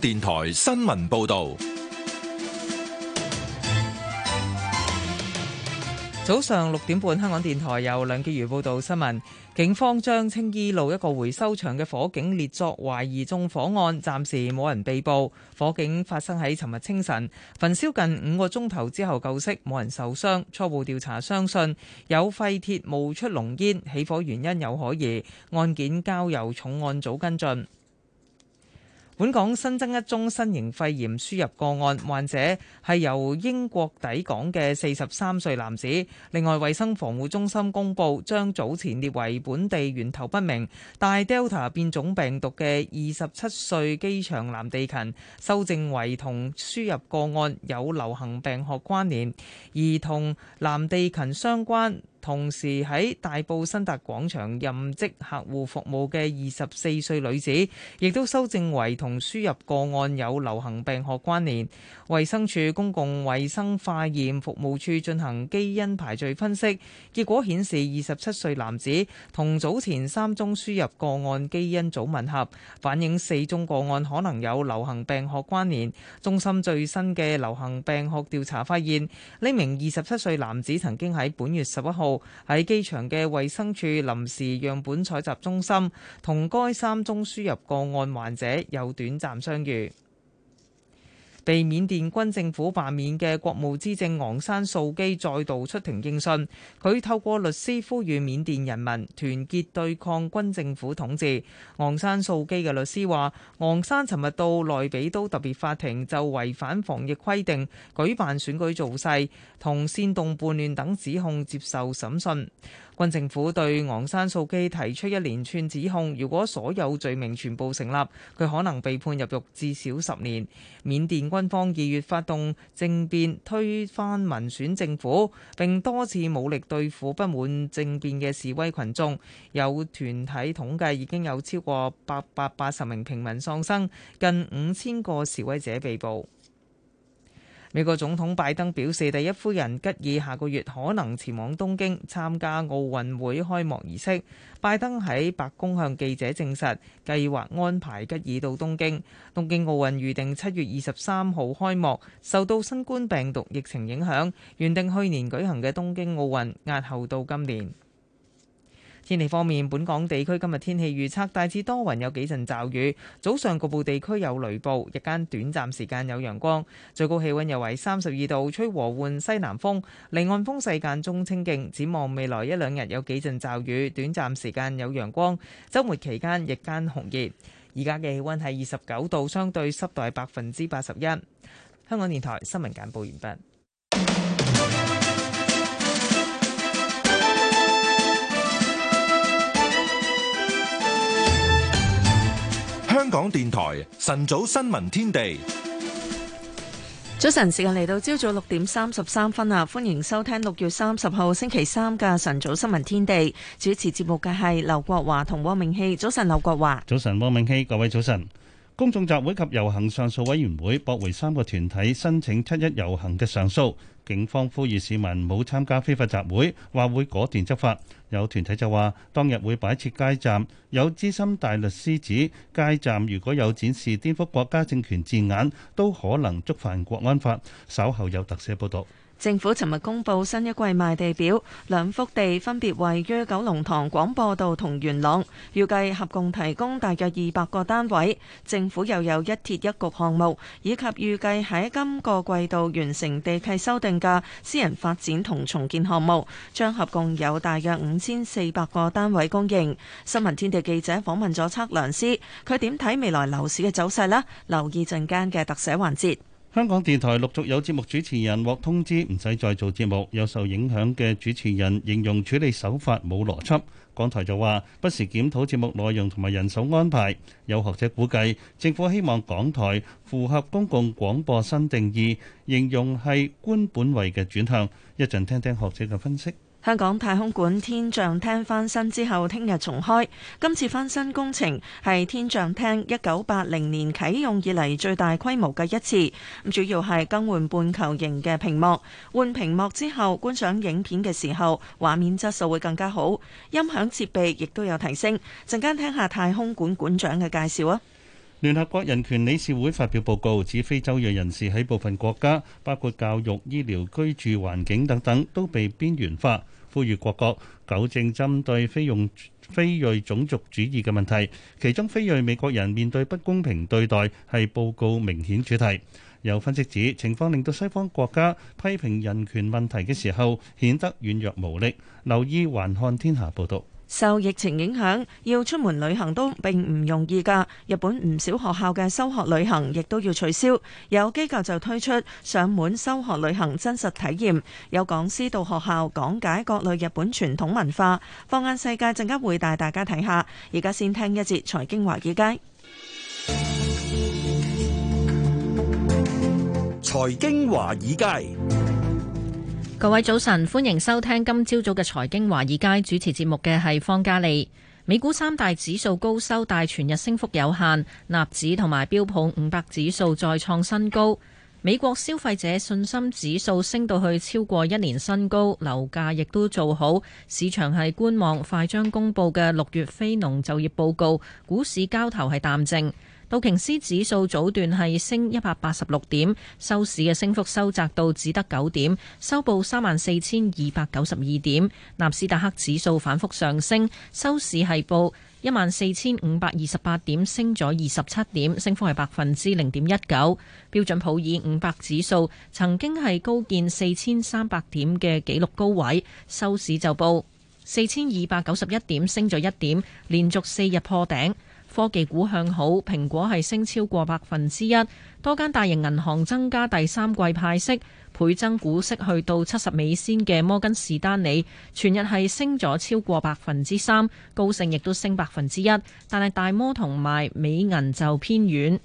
電台新聞報道：早上六點半，香港電台由梁潔如報道新聞。警方將青衣路一個回收場嘅火警列作懷疑縱火案，暫時冇人被捕。火警發生喺尋日清晨，焚燒近五個鐘頭之後救熄，冇人受傷。初步調查相信有廢鐵冒出濃煙，起火原因有可疑。案件交由重案組跟進。本港新增一宗新型肺炎輸入個案，患者係由英國抵港嘅四十三歲男子。另外，衛生防護中心公布，將早前列為本地源頭不明帶 Delta 變種病毒嘅二十七歲機場藍地勤修正為同輸入個案有流行病學關聯，而同藍地勤相關。同時，喺大埔新達廣場任職客戶服務嘅二十四歲女子，亦都修正為同輸入個案有流行病學關聯。衛生署公共衞生化驗服務處進行基因排序分析，結果顯示二十七歲男子同早前三宗輸入個案基因組吻合，反映四宗個案可能有流行病學關聯。中心最新嘅流行病學調查發現，呢名二十七歲男子曾經喺本月十一號，喺機場嘅衛生署臨時樣本採集中心，同該三宗輸入個案患者有短暫相遇。被緬甸軍政府罷免嘅國務資政昂山素姬再度出庭應訊，佢透過律師呼籲緬甸人民團結對抗軍政府統治。昂山素姬嘅律師話：昂山尋日到內比都特別法庭就違反防疫規定，舉辦選舉造勢，同煽動叛亂等指控接受審訊。軍政府對昂山素基提出一連串指控，如果所有罪名全部成立，佢可能被判入獄至少十年。緬甸軍方二月發動政變推翻民選政府，並多次武力對付不滿政變嘅示威群眾。有團體統計已經有超過八百八十名平民喪生，近五千個示威者被捕。美國總統拜登表示，第一夫人吉爾下個月可能前往東京參加奧運會開幕儀式。拜登喺白宮向記者證實，計劃安排吉爾到東京。東京奧運預定七月二十三號開幕，受到新冠病毒疫情影響，原定去年舉行嘅東京奧運押後到今年。天氣方面，本港地區今日天氣預測大致多雲，有幾陣驟雨，早上局部地區有雷暴，日間短暫時間有陽光，最高氣溫又為三十二度，吹和緩西南風，離岸風勢間中清勁。展望未來一兩日有幾陣驟雨，短暫時間有陽光，周末期間日間酷熱。而家嘅氣溫係二十九度，相對濕度係百分之八十一。香港電台新聞簡報完畢。香港電台晨早新聞天地，早晨時間嚟到朝早六點三十三分啊！歡迎收聽六月三十號星期三嘅晨早新聞天地，主持節目嘅係劉國華同汪明熙。早晨，劉國華。早晨，汪明熙。各位早晨。公眾集會及遊行上訴委員會駁回三個團體申請七一遊行嘅上訴，警方呼籲市民冇參加非法集會，話會果斷執法。有團體就話當日會擺設街站，有資深大律師指街站如果有展示顛覆國家政權字眼，都可能觸犯國安法。稍後有特寫報道。政府尋日公布新一季賣地表，兩幅地分別位於九龍塘廣播道同元朗，預計合共提供大約二百個單位。政府又有一鐵一局項目，以及預計喺今個季度完成地契修訂嘅私人發展同重建項目，將合共有大約五千四百個單位供應。新聞天地記者訪問咗測量師，佢點睇未來樓市嘅走勢呢？留意陣間嘅特寫環節。香港電台陸續有節目主持人獲通知唔使再做節目，有受影響嘅主持人形容處理手法冇邏輯。港台就話不時檢討節目內容同埋人手安排。有學者估計，政府希望港台符合公共廣播新定義，形容係官本位嘅轉向。一陣聽聽學者嘅分析。香港太空館天象廳翻新之後，聽日重開。今次翻新工程係天象廳一九八零年啟用以嚟最大規模嘅一次。咁主要係更換半球形嘅屏幕。換屏幕之後，觀賞影片嘅時候，畫面質素會更加好。音響設備亦都有提升。陣間聽下太空館館長嘅介紹啊！聯合國人權理事會發表報告，指非洲裔人士喺部分國家，包括教育、醫療、居住環境等等，都被邊緣化，呼籲各國糾正針對非融非裔種族主義嘅問題。其中，非裔美國人面對不公平對待係報告明顯主題。有分析指，情況令到西方國家批評人權問題嘅時候，顯得軟弱無力。留意環看天下報道。受疫情影響，要出門旅行都並唔容易噶。日本唔少學校嘅修學旅行亦都要取消，有機構就推出上門修學旅行真實體驗，有講師到學校講解各類日本傳統文化。放眼世界，陣間會帶大家睇下。而家先聽一節財經華爾街。財經華爾街。各位早晨，歡迎收聽今朝早嘅財經華爾街，主持節目嘅係方嘉利。美股三大指數高收，但全日升幅有限。納指同埋標普五百指數再創新高。美國消費者信心指數升到去超過一年新高，樓價亦都做好。市場係觀望快將公佈嘅六月非農就業報告，股市交投係淡靜。道瓊斯指數早段係升一百八十六點，收市嘅升幅收窄到只得九點，收報三萬四千二百九十二點。納斯達克指數反覆上升，收市係報一萬四千五百二十八點，升咗二十七點，升幅係百分之零點一九。標準普爾五百指數曾經係高見四千三百點嘅紀錄高位，收市就報四千二百九十一點，升咗一點，連續四日破頂。科技股向好，蘋果係升超過百分之一，多間大型銀行增加第三季派息，倍增股息去到七十美仙嘅摩根士丹利全日係升咗超過百分之三，高盛亦都升百分之一，但係大摩同埋美銀就偏軟。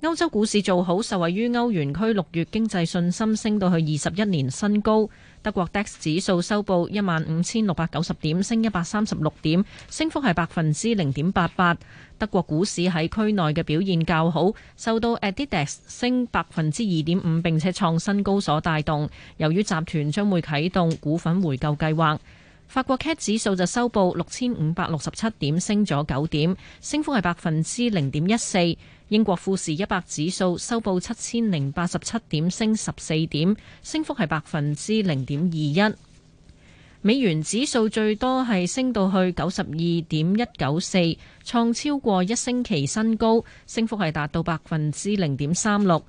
歐洲股市做好，受惠於歐元區六月經濟信心升到去二十一年新高。德國 DAX 指數收報一萬五千六百九十點，升一百三十六點，升幅係百分之零點八八。德國股市喺區內嘅表現較好，受到 Adidas 升百分之二點五，並且創新高所帶動。由於集團將會啟動股份回購計劃，法國 CAC 指數就收報六千五百六十七點，升咗九點，升幅係百分之零點一四。英國富時一百指數收報七千零八十七點，升十四點，升幅係百分之零點二一。美元指數最多係升到去九十二點一九四，創超過一星期新高，升幅係達到百分之零點三六。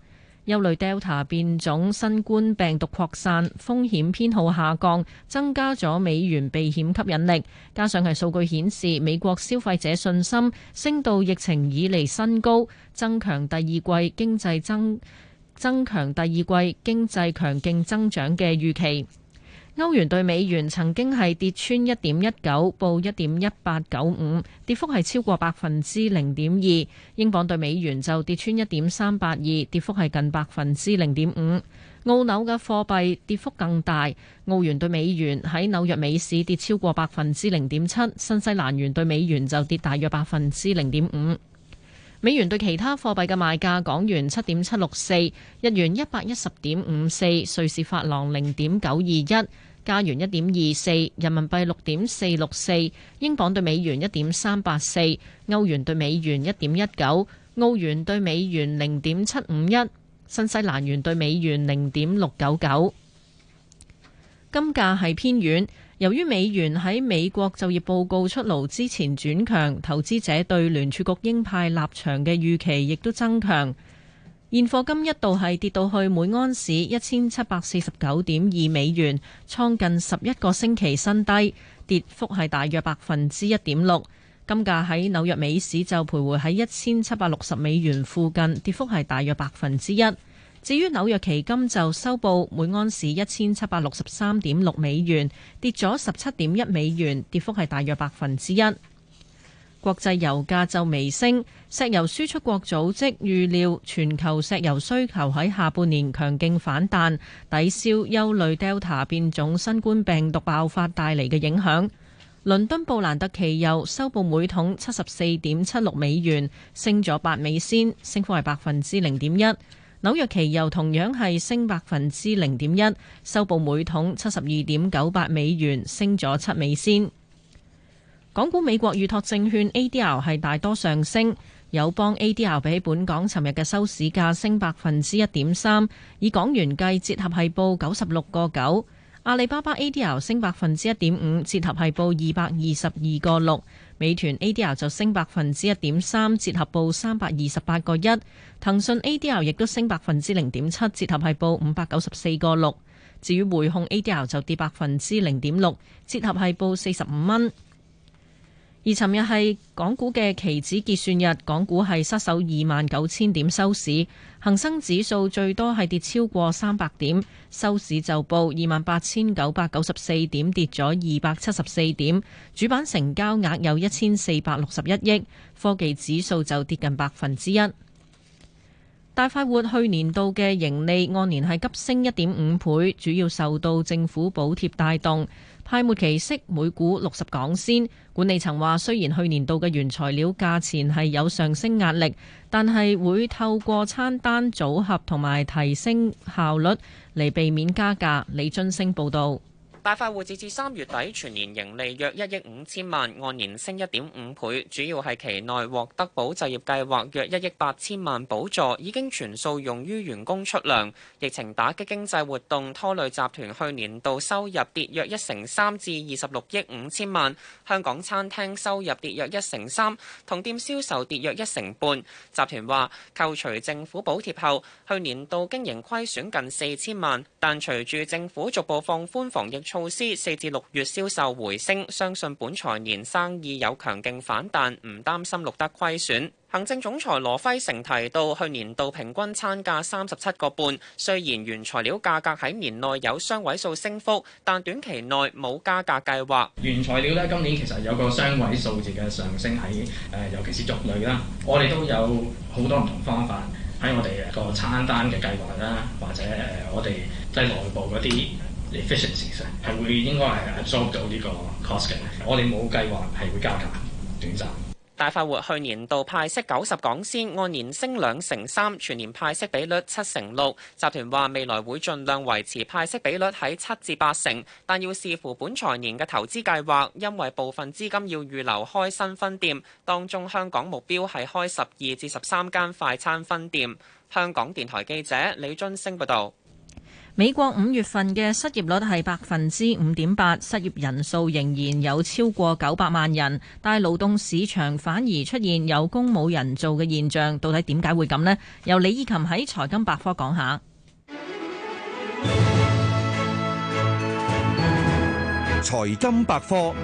憂慮 Delta 變種新冠病毒擴散，風險偏好下降，增加咗美元避險吸引力。加上係數據顯示美國消費者信心升到疫情以嚟新高，增強第二季經濟增增強第二季經濟強勁增長嘅預期。歐元對美元曾經係跌穿一點一九，報一點一八九五，跌幅係超過百分之零點二。英鎊對美元就跌穿一點三八二，跌幅係近百分之零點五。澳紐嘅貨幣跌幅更大，澳元對美元喺紐約美市跌超過百分之零點七，新西蘭元對美元就跌大約百分之零點五。美元對其他貨幣嘅賣價，港元七點七六四，日元一百一十點五四，瑞士法郎零點九二一。加元一點二四，24，人民幣六點四六四，英鎊對美元一點三八四，歐元對美元一點一九，澳元對美元零點七五一，新西蘭元對美元零點六九九。金價係偏軟，由於美元喺美國就業報告出爐之前轉強，投資者對聯儲局鷹派立場嘅預期亦都增強。現貨金一度係跌到去每安士一千七百四十九點二美元，創近十一個星期新低，跌幅係大約百分之一點六。金價喺紐約美市就徘徊喺一千七百六十美元附近，跌幅係大約百分之一。至於紐約期金就收報每安士一千七百六十三點六美元，跌咗十七點一美元，跌幅係大約百分之一。國際油價就微升，石油輸出國組織預料全球石油需求喺下半年強勁反彈，抵消憂慮 Delta 變種新冠病毒爆發帶嚟嘅影響。倫敦布蘭特期油收報每桶七十四點七六美元，升咗八美仙，升幅係百分之零點一。紐約期油同樣係升百分之零點一，收報每桶七十二點九八美元，升咗七美仙。港股美國預託證券 ADR 係大多上升，友邦 ADR 比起本港尋日嘅收市價升百分之一點三，以港元計折合係報九十六個九。阿里巴巴 ADR 升百分之一點五，折合係報二百二十二個六。美團 ADR 就升百分之一點三，折合報三百二十八個一。騰訊 ADR 亦都升百分之零點七，折合係報五百九十四個六。至於匯控 ADR 就跌百分之零點六，折合係報四十五蚊。而尋日係港股嘅期指結算日，港股係失守二萬九千點收市，恒生指數最多係跌超過三百點，收市就報二萬八千九百九十四點，跌咗二百七十四點。主板成交額有一千四百六十一億，科技指數就跌近百分之一。大快活去年度嘅盈利按年係急升一點五倍，主要受到政府補貼帶動。派末期息每股六十港仙。管理層話，雖然去年度嘅原材料價錢係有上升壓力，但係會透過餐單組合同埋提升效率嚟，避免加價。李津升報道。大快活截至三月底全年盈利約一億五千萬按年升一點五倍，主要係期內獲得保就業計劃約一億八千萬補助，已經全數用於員工出糧。疫情打擊經濟活動拖累集團去年度收入跌約一成三至二十六億五千萬。香港餐廳收入跌約一成三，同店銷售跌約一成半。集團話扣除政府補貼後，去年度經營虧損近四千萬，但隨住政府逐步放寬防疫措施四至六月銷售回升，相信本財年生意有強勁反彈，唔擔心錄得虧損。行政總裁羅輝成提到，去年度平均餐價三十七個半，雖然原材料價格喺年內有雙位數升幅，但短期內冇加價計劃。原材料呢，今年其實有個雙位數字嘅上升喺，誒、呃，尤其是肉類啦，我哋都有好多唔同方法喺我哋個餐單嘅計劃啦，或者誒我哋即係內部嗰啲。大快活去年度派息九十港仙，按年升兩成三，全年派息比率七成六。集團話未來會盡量維持派息比率喺七至八成，但要視乎本財年嘅投資計劃，因為部分資金要預留開新分店，當中香港目標係開十二至十三間快餐分店。香港電台記者李津升報道。美國五月份嘅失業率係百分之五點八，失業人數仍然有超過九百萬人，但係勞動市場反而出現有工冇人做嘅現象，到底點解會咁呢？由李以琴喺財金百科講下。財金百科。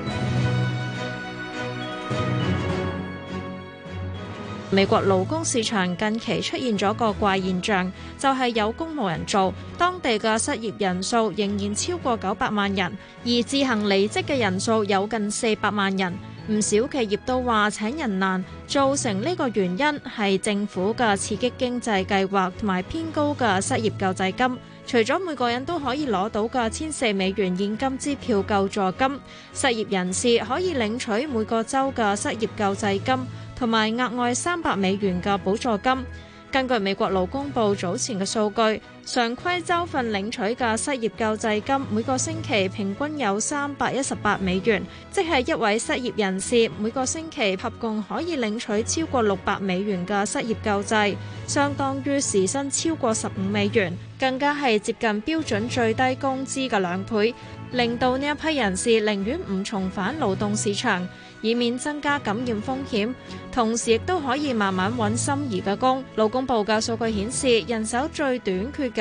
美國勞工市場近期出現咗個怪現象，就係有工冇人做，當地嘅失業人數仍然超過九百萬人，而自行離職嘅人數有近四百萬人。唔少企業都話請人難，造成呢個原因係政府嘅刺激經濟計劃同埋偏高嘅失業救濟金。除咗每個人都可以攞到嘅千四美元現金支票救助金，失業人士可以領取每個州嘅失業救濟金。同埋額外三百美元嘅補助金。根據美國勞工部早前嘅數據，常規州份領取嘅失業救濟金每個星期平均有三百一十八美元，即係一位失業人士每個星期合共可以領取超過六百美元嘅失業救濟，相當於時薪超過十五美元，更加係接近標準最低工資嘅兩倍，令到呢一批人士寧願唔重返勞動市場，以免增加感染風險，同時亦都可以慢慢揾心儀嘅工。勞工部嘅數據顯示，人手最短缺嘅。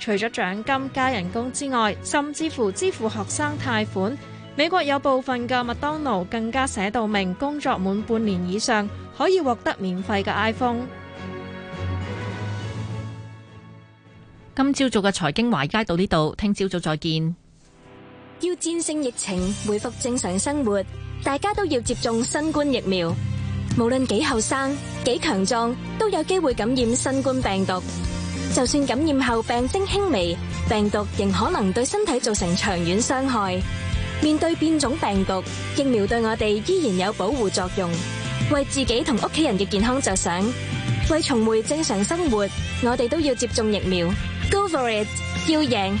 除咗獎金加人工之外，甚至乎支付學生貸款。美國有部分嘅麥當勞更加寫到明，工作滿半年以上可以獲得免費嘅 iPhone。今朝早嘅財經華街到呢度，聽朝早再見。要戰勝疫情，回復正常生活，大家都要接種新冠疫苗。無論幾後生，幾強壯，都有機會感染新冠病毒。，就算感染後病徵輕微，病毒仍可能對身體造成長遠傷害。面對變種病毒，疫苗對我哋依然有保護作用。為自己同屋企人嘅健康着想，為重回正常生活，我哋都要接種疫苗。Go for it！要贏，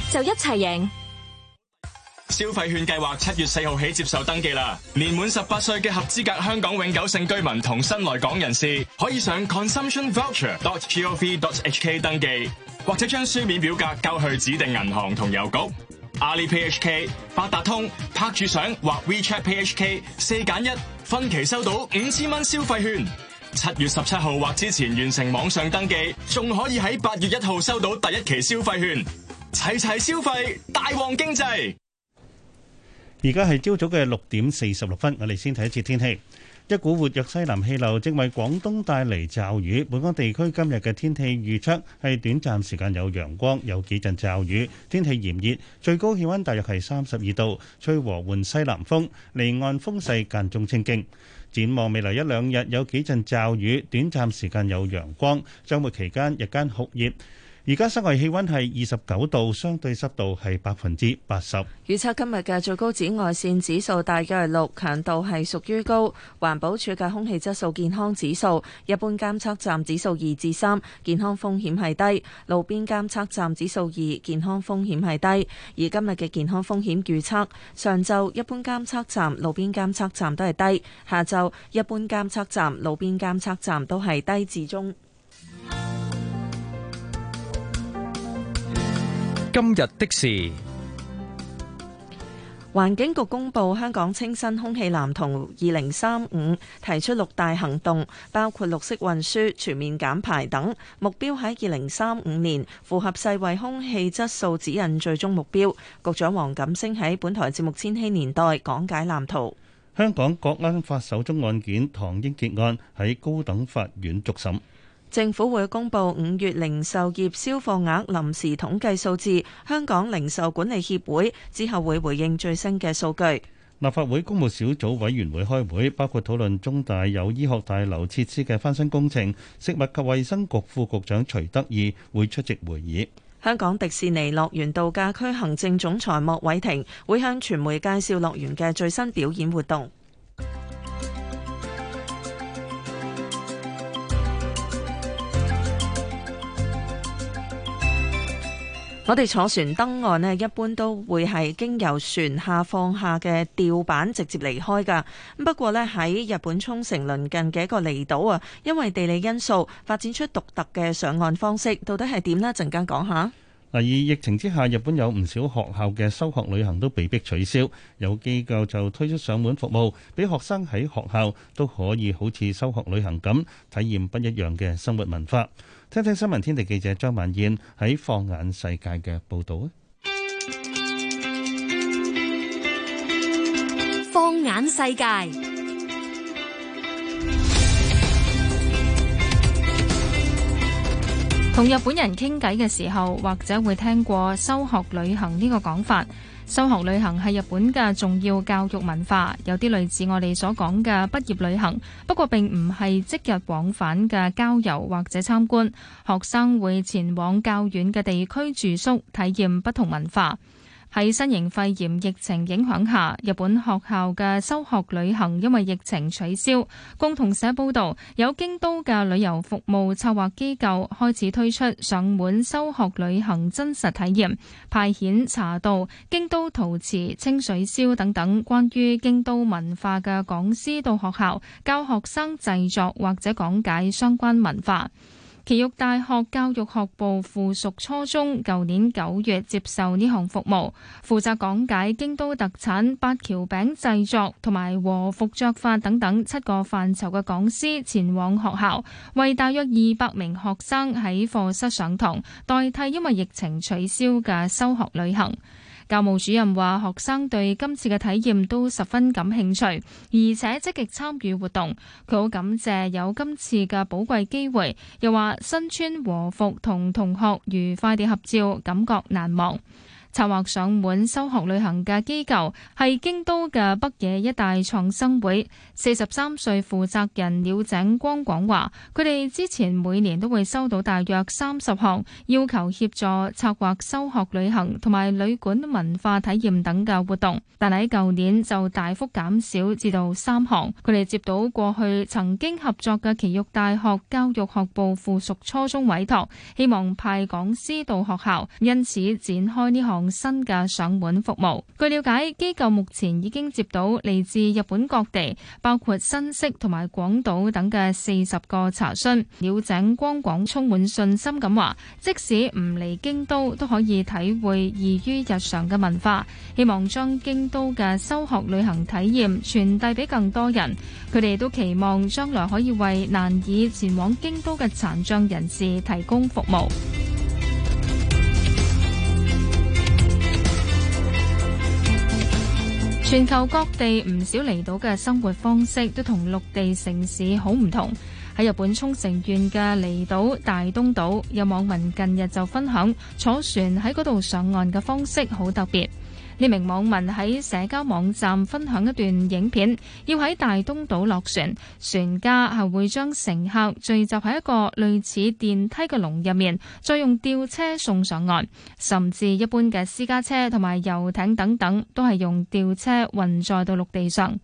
消費券計劃七月四號起接受登記啦，年滿十八歲嘅合資格香港永久性居民同新來港人士，可以上 consumptionvoucher.gov.hk 登記，或者將書面表格交去指定銀行同郵局，阿里 PHK、八達通拍住相或 WeChat PHK 四揀一分期收到五千蚊消費券，七月十七號或之前完成網上登記，仲可以喺八月一號收到第一期消費券，齊齊消費大旺經濟。而家係朝早嘅六點四十六分，我哋先睇一次天氣。一股活躍西南氣流正為廣東帶嚟驟雨，本港地區今日嘅天氣預測係短暫時間有陽光，有幾陣驟雨，天氣炎熱，最高氣温大約係三十二度，吹和緩西南風，離岸風勢間中清勁。展望未來一兩日有幾陣驟雨，短暫時間有陽光，週末期間日間酷熱。而家室外氣温係二十九度，相對濕度係百分之八十。預測今日嘅最高紫外線指數大概係六，強度係屬於高。環保署嘅空氣質素健康指數，一般監測站指數二至三，健康風險係低；路邊監測站指數二，健康風險係低。而今日嘅健康風險預測，上晝一般監測站、路邊監測站都係低；下晝一般監測站、路邊監測站都係低至中。今日的事，環境局公布香港清新空氣藍圖，二零三五提出六大行動，包括綠色運輸、全面減排等，目標喺二零三五年符合世衛空氣質素指引最終目標。局長黃錦星喺本台節目《千禧年代》講解藍圖。香港國安法首宗案件唐英傑案喺高等法院續審。政府會公布五月零售業銷貨額臨時統計數字，香港零售管理協會之後會回應最新嘅數據。立法會公務小組委員會開會，包括討論中大有醫學大樓設施嘅翻新工程。食物及衛生局副、副局長徐德義會出席會議。香港迪士尼樂園度假區行政總裁莫偉霆會向傳媒介紹樂園嘅最新表演活動。我哋坐船登岸呢，一般都會係經由船下放下嘅吊板直接離開㗎。不過呢，喺日本沖繩鄰近嘅一個離島啊，因為地理因素，發展出獨特嘅上岸方式。到底係點呢？陣間講下。嗱，而疫情之下，日本有唔少學校嘅修學旅行都被迫取消，有機構就推出上門服務，俾學生喺學校都可以好似修學旅行咁體驗不一樣嘅生活文化。聽聽新聞天地記者張萬燕喺放眼世界嘅報道啊！放眼世界，同日本人傾偈嘅時候，或者會聽過修學旅行呢個講法。修學旅行係日本嘅重要教育文化，有啲類似我哋所講嘅畢業旅行，不過並唔係即日往返嘅郊遊或者參觀。學生會前往較遠嘅地區住宿，體驗不同文化。喺新型肺炎疫情影響下，日本學校嘅修學旅行因為疫情取消。共同社報道，有京都嘅旅遊服務策劃機構開始推出上門修學旅行真實體驗，派遣茶道、京都陶瓷、清水燒等等關於京都文化嘅講師到學校教學生製作或者講解相關文化。埼玉大學教育學部附屬初中舊年九月接受呢項服務，負責講解京都特產八橋餅製作同埋和服著法等等七個範疇嘅講師前往學校，為大約二百名學生喺課室上堂，代替因為疫情取消嘅修學旅行。教務主任話：學生對今次嘅體驗都十分感興趣，而且積極參與活動。佢好感謝有今次嘅寶貴機會，又話身穿和服同同學愉快地合照，感覺難忘。策劃上門修學旅行嘅機構係京都嘅北野一大創新會，四十三歲負責人鳥井光廣話，佢哋之前每年都會收到大約三十項要求協助策劃修學旅行同埋旅館文化體驗等嘅活動，但係喺舊年就大幅減少至到三項。佢哋接到過去曾經合作嘅奇育大學教育學部附屬初中委託，希望派講師到學校，因此展開呢項。用新嘅上門服務。據了解，機構目前已經接到嚟自日本各地，包括新息同埋廣島等嘅四十個查詢。鳥井光廣充滿信心咁話，即使唔嚟京都，都可以體會異於日常嘅文化。希望將京都嘅修學旅行體驗傳遞俾更多人。佢哋都期望將來可以為難以前往京都嘅殘障人士提供服務。全球各地唔少離島嘅生活方式都同陸地城市好唔同。喺日本沖繩縣嘅離島大東島，有網民近日就分享坐船喺嗰度上岸嘅方式，好特別。呢名網民喺社交網站分享一段影片，要喺大東島落船，船家係會將乘客聚集喺一個類似電梯嘅籠入面，再用吊車送上岸，甚至一般嘅私家車同埋遊艇等等，都係用吊車運載到陸地上。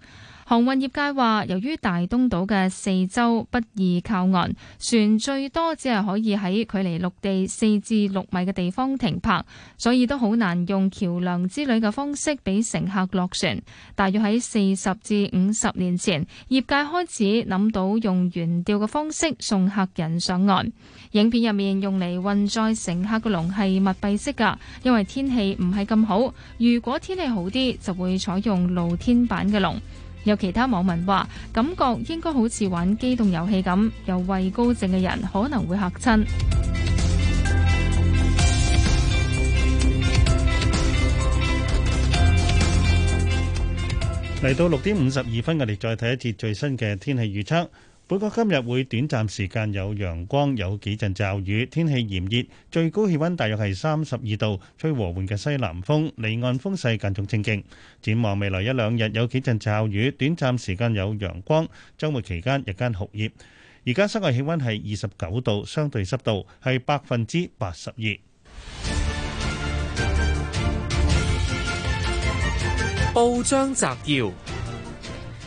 航運業界話，由於大東島嘅四周不易靠岸，船最多只係可以喺距離陸地四至六米嘅地方停泊，所以都好難用橋梁之類嘅方式俾乘客落船。大約喺四十至五十年前，業界開始諗到用懸吊嘅方式送客人上岸。影片入面用嚟運載乘客嘅籠係密閉式㗎，因為天氣唔係咁好。如果天氣好啲，就會採用露天版嘅籠。有其他網民話，感覺應該好似玩機動遊戲咁，有畏高症嘅人可能會吓親。嚟到六點五十二分我哋再睇一節最新嘅天氣預測。本港今日會短暫時間有陽光，有幾陣驟雨，天氣炎熱，最高氣温大約係三十二度，吹和緩嘅西南風，離岸風勢間中清勁。展望未來一兩日有幾陣驟雨，短暫時間有陽光，周末期間日間酷熱。而家室外氣温係二十九度，相對濕度係百分之八十二。報章摘要，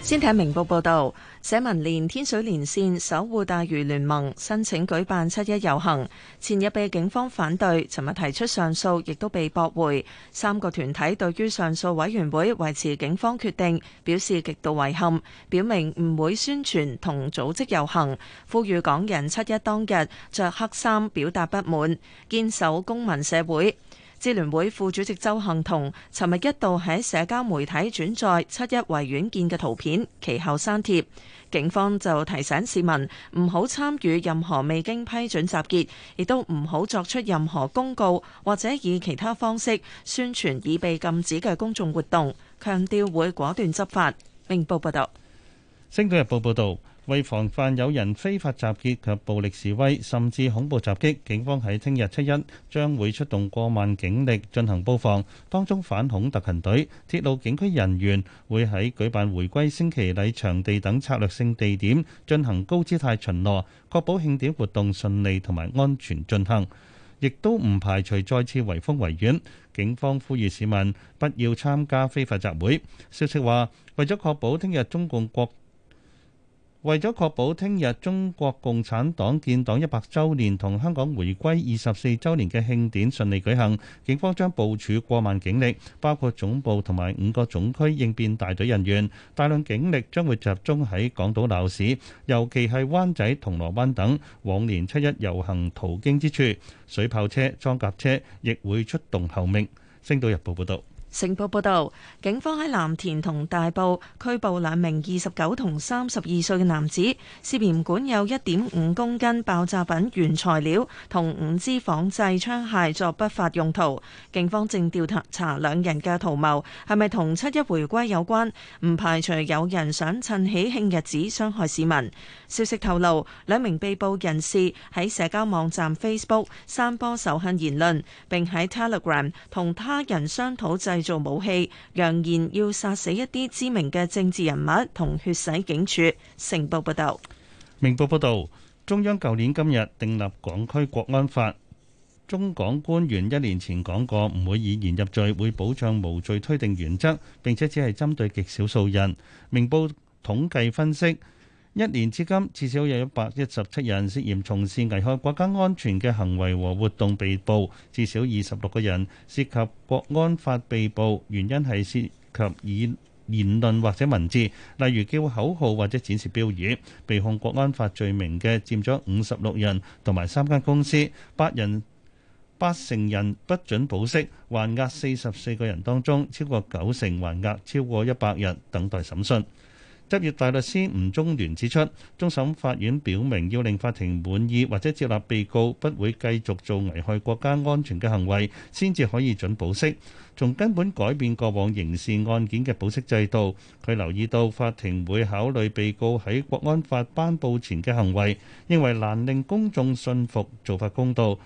先睇明報報道。社民連、天水連線、守護大嶼聯盟申請舉辦七一遊行，前日被警方反對，尋日提出上訴，亦都被駁回。三個團體對於上訴委員會維持警方決定表示極度遺憾，表明唔會宣傳同組織遊行，呼籲港人七一當日着黑衫表達不滿，堅守公民社會。支聯會副主席周幸彤尋日一度喺社交媒體轉載七一維園建嘅圖片，其後刪帖。警方就提醒市民唔好參與任何未經批准集結，亦都唔好作出任何公告或者以其他方式宣傳已被禁止嘅公眾活動，強調會果斷執法。明報報道，《星島日報》報道。為防範有人非法集結及暴力示威，甚至恐怖襲擊，警方喺聽日七一將會出動過萬警力進行布防。當中反恐特勤隊、鐵路警區人員會喺舉辦回歸升旗禮場地等策略性地點進行高姿態巡邏，確保慶典活動順利同埋安全進行。亦都唔排除再次圍封維園。警方呼籲市民不要參加非法集會。消息話，為咗確保聽日中共國。為咗確保聽日中國共產黨建黨一百週年同香港回歸二十四週年嘅慶典順利舉行，警方將部署過萬警力，包括總部同埋五個總區應變大隊人員。大量警力將會集中喺港島鬧市，尤其係灣仔、銅鑼灣等往年七一遊行途經之處。水炮車、裝甲車亦會出動候命。星島日報報道。成報報道，警方喺藍田同大埔拘捕兩名二十九同三十二歲嘅男子，涉嫌管有一點五公斤爆炸品原材料同五支仿製槍械作不法用途。警方正調查兩人嘅圖謀係咪同七一回歸有關，唔排除有人想趁喜慶日子傷害市民。消息透露，兩名被捕人士喺社交網站 Facebook 散播仇恨言論，並喺 Telegram 同他人商討製做武器，揚言要殺死一啲知名嘅政治人物同血洗警署。成報報導。明報報道：中央舊年今日訂立港區國安法，中港官員一年前講過唔會以言入罪，會保障無罪推定原則，並且只係針對極少數人。明報統計分析。一年至今，至少有一百一十七人涉嫌從事危害國家安全嘅行為和活動被捕，至少二十六個人涉及國安法被捕，原因係涉及以言論或者文字，例如叫口號或者展示標語，被控國安法罪名嘅佔咗五十六人同埋三間公司，八人八成人不准保釋，還押四十四個人當中，超過九成還押超過一百人等待審訊。執業大律師吳中聯指出，終審法院表明，要令法庭滿意或者接納被告，不會繼續做危害國家安全嘅行為，先至可以準保釋，從根本改變過往刑事案件嘅保釋制度。佢留意到法庭會考慮被告喺《國安法》頒布前嘅行為，認為難令公眾信服做法公道。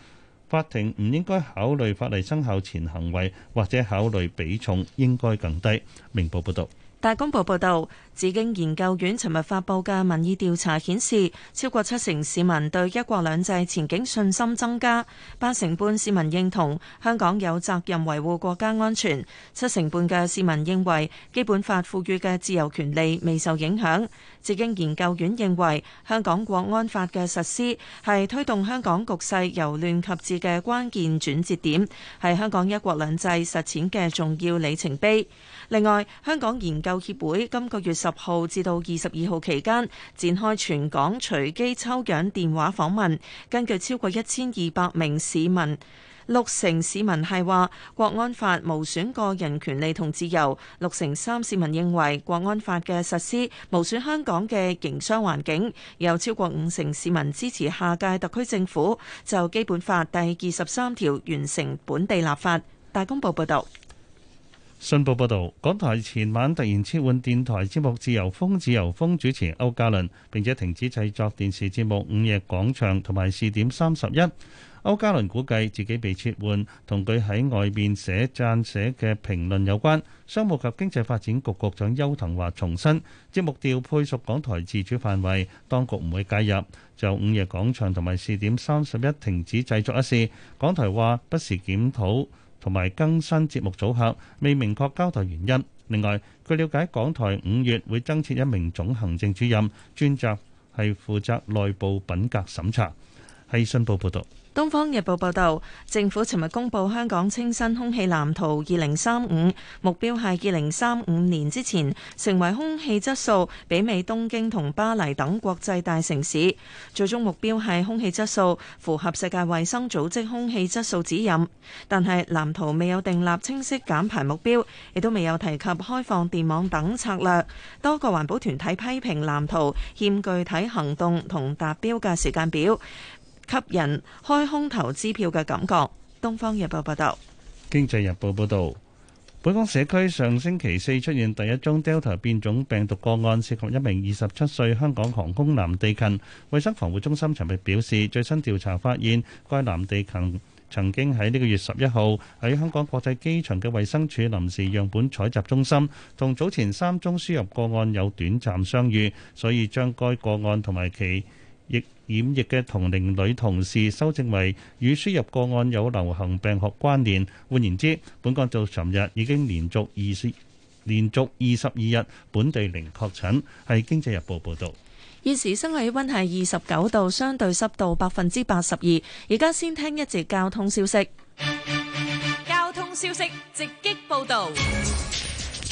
法庭唔應該考慮法例生效前行為，或者考慮比重應該更低。明報報道，大公報報道。紫荊研究院尋日發佈嘅民意調查顯示，超過七成市民對一國兩制前景信心增加，八成半市民認同香港有責任維護國家安全，七成半嘅市民認為基本法賦予嘅自由權利未受影響。紫荊研究院認為，香港國安法嘅實施係推動香港局勢由亂及治嘅關鍵轉折點，係香港一國兩制實踐嘅重要里程碑。另外，香港研究協會今個月，十號至到二十二號期間，展開全港隨機抽樣電話訪問，根據超過一千二百名市民，六成市民係話國安法無損個人權利同自由，六成三市民認為國安法嘅實施無損香港嘅營商環境，有超過五成市民支持下屆特區政府就基本法第二十三條完成本地立法。大公報報道。信報報導，港台前晚突然撤換電台節目《自由風》，自由風主持區家麟，並且停止製作電視節目《午夜廣場》同埋視點三十一。區家麟估計自己被撤換同佢喺外面寫撰寫嘅評論有關。商務及經濟發展局局長邱騰華重申，節目調配屬港台自主範圍，當局唔會介入。就《午夜廣場》同埋視點三十一停止製作一事，港台話不時檢討。同埋更新節目組合，未明確交代原因。另外，據了解，港台五月會增設一名總行政主任，專責係負責內部品格審查。係信報報道。《東方日報》報導，政府尋日公布香港清新空氣藍圖二零三五，目標係二零三五年之前成為空氣質素媲美東京同巴黎等國際大城市，最終目標係空氣質素符合世界衛生組織空氣質素指引。但係藍圖未有訂立清晰減排目標，亦都未有提及開放電網等策略。多個環保團體批評藍圖欠具體行動同達標嘅時間表。吸引開空頭支票嘅感覺。《東方日報》報道，《經濟日報》報道，本港社區上星期四出現第一宗 Delta 變種病毒個案，涉及一名二十七歲香港航空男地勤。衞生防護中心曾表示，最新調查發現，該男地勤曾經喺呢個月十一號喺香港國際機場嘅衞生署臨時樣本採集中心，同早前三宗輸入個案有短暫相遇，所以將該個案同埋其疫染疫嘅同齡女同事修正為與輸入個案有流行病學關聯。換言之，本港就尋日已經連續二十連續二十二日本地零確診。係《經濟日報》報道。現時氣溫係二十九度，相對濕度百分之八十二。而家先聽一節交通消息。交通消息直擊報道。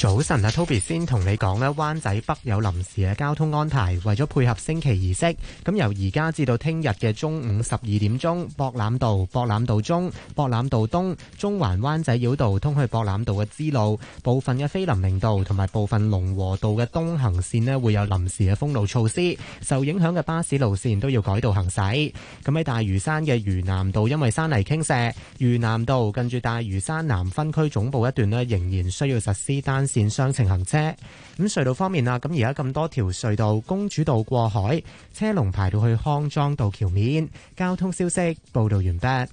早晨啊，Toby 先同你講咧，灣仔北有臨時嘅交通安排，為咗配合升旗儀式，咁由而家至到聽日嘅中午十二點鐘，博覽道、博覽道中、博覽道東、中環灣仔繞道通去博覽道嘅支路，部分嘅菲林明道同埋部分龍和道嘅東行綫咧會有臨時嘅封路措施，受影響嘅巴士路綫都要改道行駛，咁喺大嶼山嘅嶼南道，因為山泥傾瀉，嶼南道近住大嶼山南分區總部一段咧仍然需要實施單線雙程行車，咁隧道方面啊，咁而家咁多條隧道，公主道過海車龍排到去康莊道橋面。交通消息報道完畢。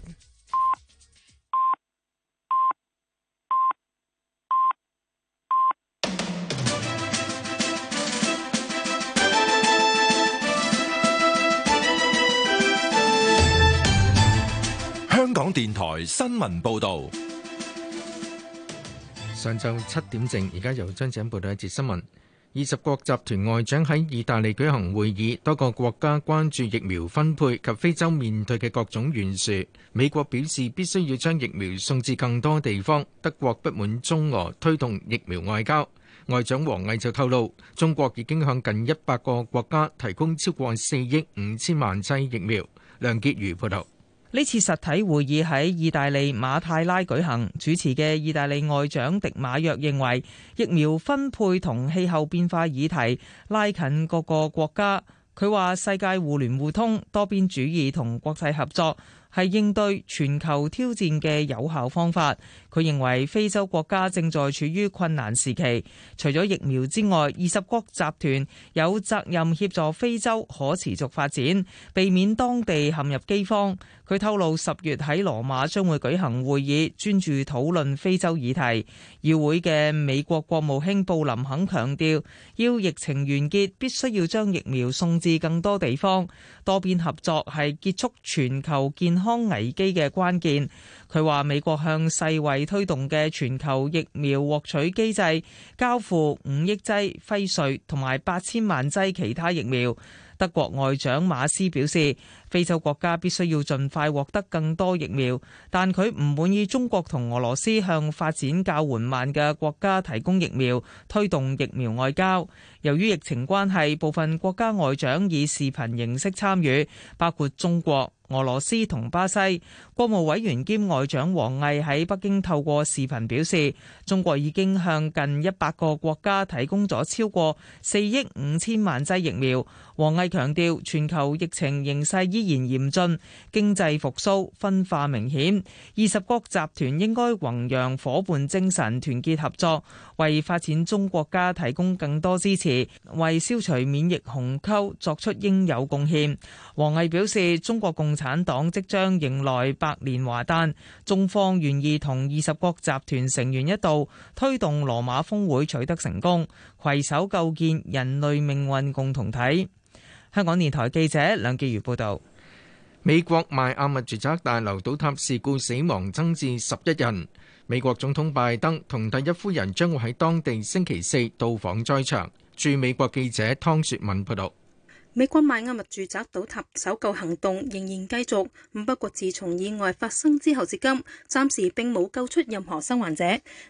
香港電台新聞報道。上晝七點正，而家由張子恩報道一節新聞。二十國集團外長喺意大利舉行會議，多個國家關注疫苗分配及非洲面對嘅各種懸殊。美國表示必須要將疫苗送至更多地方。德國不滿中俄推動疫苗外交，外長王毅就透露，中國已經向近一百個國家提供超過四億五千萬劑疫苗。梁潔如報道。呢次實體會議喺意大利馬泰拉舉行，主持嘅意大利外長迪馬約認為疫苗分配同氣候變化議題拉近各個國家。佢話世界互聯互通、多邊主義同國際合作，係應對全球挑戰嘅有效方法。佢認為非洲國家正在處於困難時期，除咗疫苗之外，二十國集團有責任協助非洲可持續發展，避免當地陷入饑荒。佢透露十月喺羅馬將會舉行會議，專注討論非洲議題。議會嘅美國國務卿布林肯強調，要疫情完結，必須要將疫苗送至更多地方。多邊合作係結束全球健康。康危機嘅關鍵，佢話美國向世衛推動嘅全球疫苗獲取機制，交付五億劑輝瑞同埋八千萬劑其他疫苗。德國外長馬斯表示。非洲國家必須要盡快獲得更多疫苗，但佢唔滿意中國同俄羅斯向發展較緩慢嘅國家提供疫苗，推動疫苗外交。由於疫情關係，部分國家外長以視頻形式參與，包括中國、俄羅斯同巴西。國務委員兼外長王毅喺北京透過視頻表示，中國已經向近一百個國家提供咗超過四億五千萬劑疫苗。王毅強調全球疫情形勢。依然嚴峻，經濟復蘇分化明顯。二十國集團應該弘揚夥伴精神，團結合作，為發展中國家提供更多支持，為消除免疫鴻溝作出應有貢獻。王毅表示，中國共產黨即將迎來百年華誕，中方願意同二十國集團成員一道推動羅馬峰會取得成功，攜手構建人類命運共同體。香港電台記者梁健如報道，美國邁阿密住宅大樓倒塌事故死亡增至十一人。美國總統拜登同第一夫人將會喺當地星期四到訪災場。駐美國記者湯雪敏報道。美國邁阿密住宅倒塌搜救行動仍然繼續，咁不過自從意外發生之後至今，暫時並冇救出任何生還者。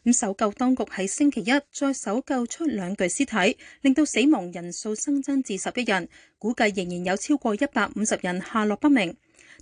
咁搜救當局喺星期一再搜救出兩具屍體，令到死亡人數新增至十一人，估計仍然有超過一百五十人下落不明。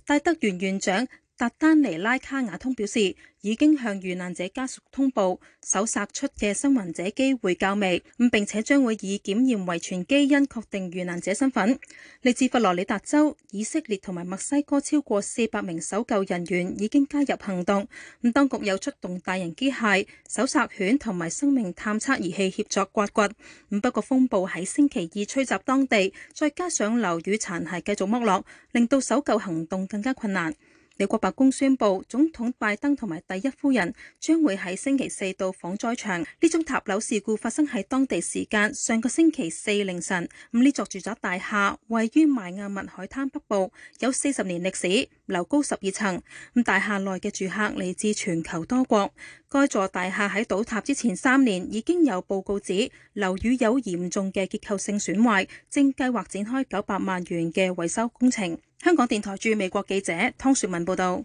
戴德元院長。達丹尼拉卡瓦通表示，已經向遇難者家屬通報，搜殺出嘅生還者機會較微，並且將會以檢驗遺傳基因確定遇難者身份。嚟自佛羅里達州、以色列同埋墨西哥超過四百名搜救人員已經加入行動。咁當局又出動大型機械、搜殺犬同埋生命探測儀器協助挖掘。不過風暴喺星期二吹襲當地，再加上樓宇殘骸繼續剝落，令到搜救行動更加困難。美國白宮宣布，總統拜登同埋第一夫人將會喺星期四到訪災場。呢宗塔樓事故發生喺當地時間上個星期四凌晨。咁、嗯、呢座住宅大廈位於邁阿密海灘北部，有四十年歷史，樓高十二層。咁、嗯、大廈內嘅住客嚟自全球多國。該座大廈喺倒塌之前三年已經有報告指樓宇有嚴重嘅結構性損壞，正計劃展開九百萬元嘅維修工程。香港電台駐美國記者湯雪文報道。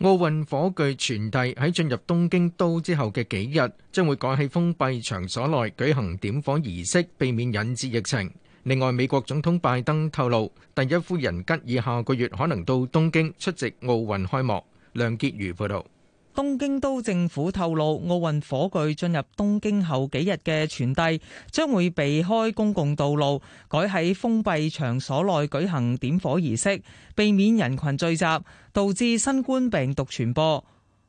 奧運火炬傳遞喺進入東京都之後嘅幾日，將會改喺封閉場所內舉行點火儀式，避免引致疫情。另外，美國總統拜登透露，第一夫人吉爾下個月可能到東京出席奧運開幕。梁潔如報道。東京都政府透露，奧運火炬進入東京後幾日嘅傳遞將會避開公共道路，改喺封閉場所內舉行點火儀式，避免人群聚集，導致新冠病毒傳播。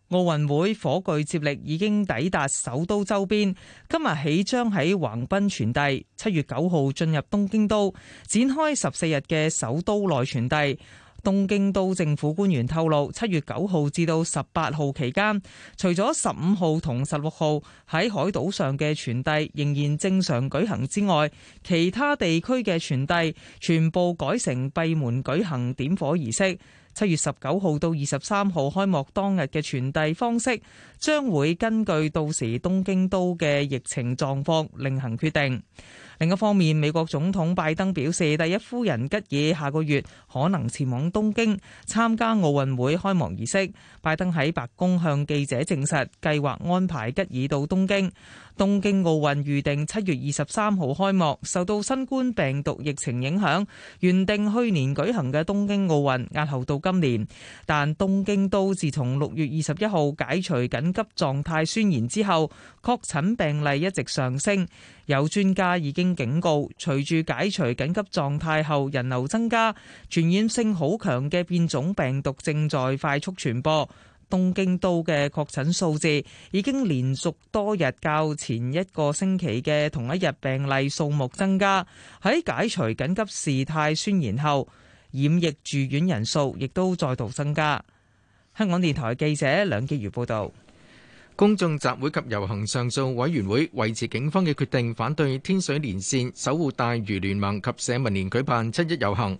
奧運會火炬接力已經抵達首都周邊，今日起將喺橫濱傳遞，七月九號進入東京都，展開十四日嘅首都內傳遞。東京都政府官員透露，七月九號至到十八號期間，除咗十五號同十六號喺海島上嘅傳遞仍然正常舉行之外，其他地區嘅傳遞全部改成閉門舉行點火儀式。七月十九號到二十三號開幕當日嘅傳遞方式將會根據到時東京都嘅疫情狀況另行決定。另一方面，美國總統拜登表示，第一夫人吉爾下個月可能前往東京參加奧運會開幕儀式。拜登喺白宮向記者證實，計劃安排吉爾到東京。東京奧運預定七月二十三號開幕，受到新冠病毒疫情影響，原定去年舉行嘅東京奧運押後到今年。但東京都自從六月二十一號解除緊急狀態宣言之後，確診病例一直上升，有專家已經警告，隨住解除緊急狀態後人流增加。傳染性好強嘅變種病毒正在快速傳播。東京都嘅確診數字已經連續多日較前一個星期嘅同一日病例數目增加。喺解除緊急事態宣言後，染疫住院人數亦都再度增加。香港電台記者梁潔如報道：公眾集會及遊行上訴委員會維持警方嘅決定，反對天水連線守護大魚聯盟及社民連舉辦七一遊行。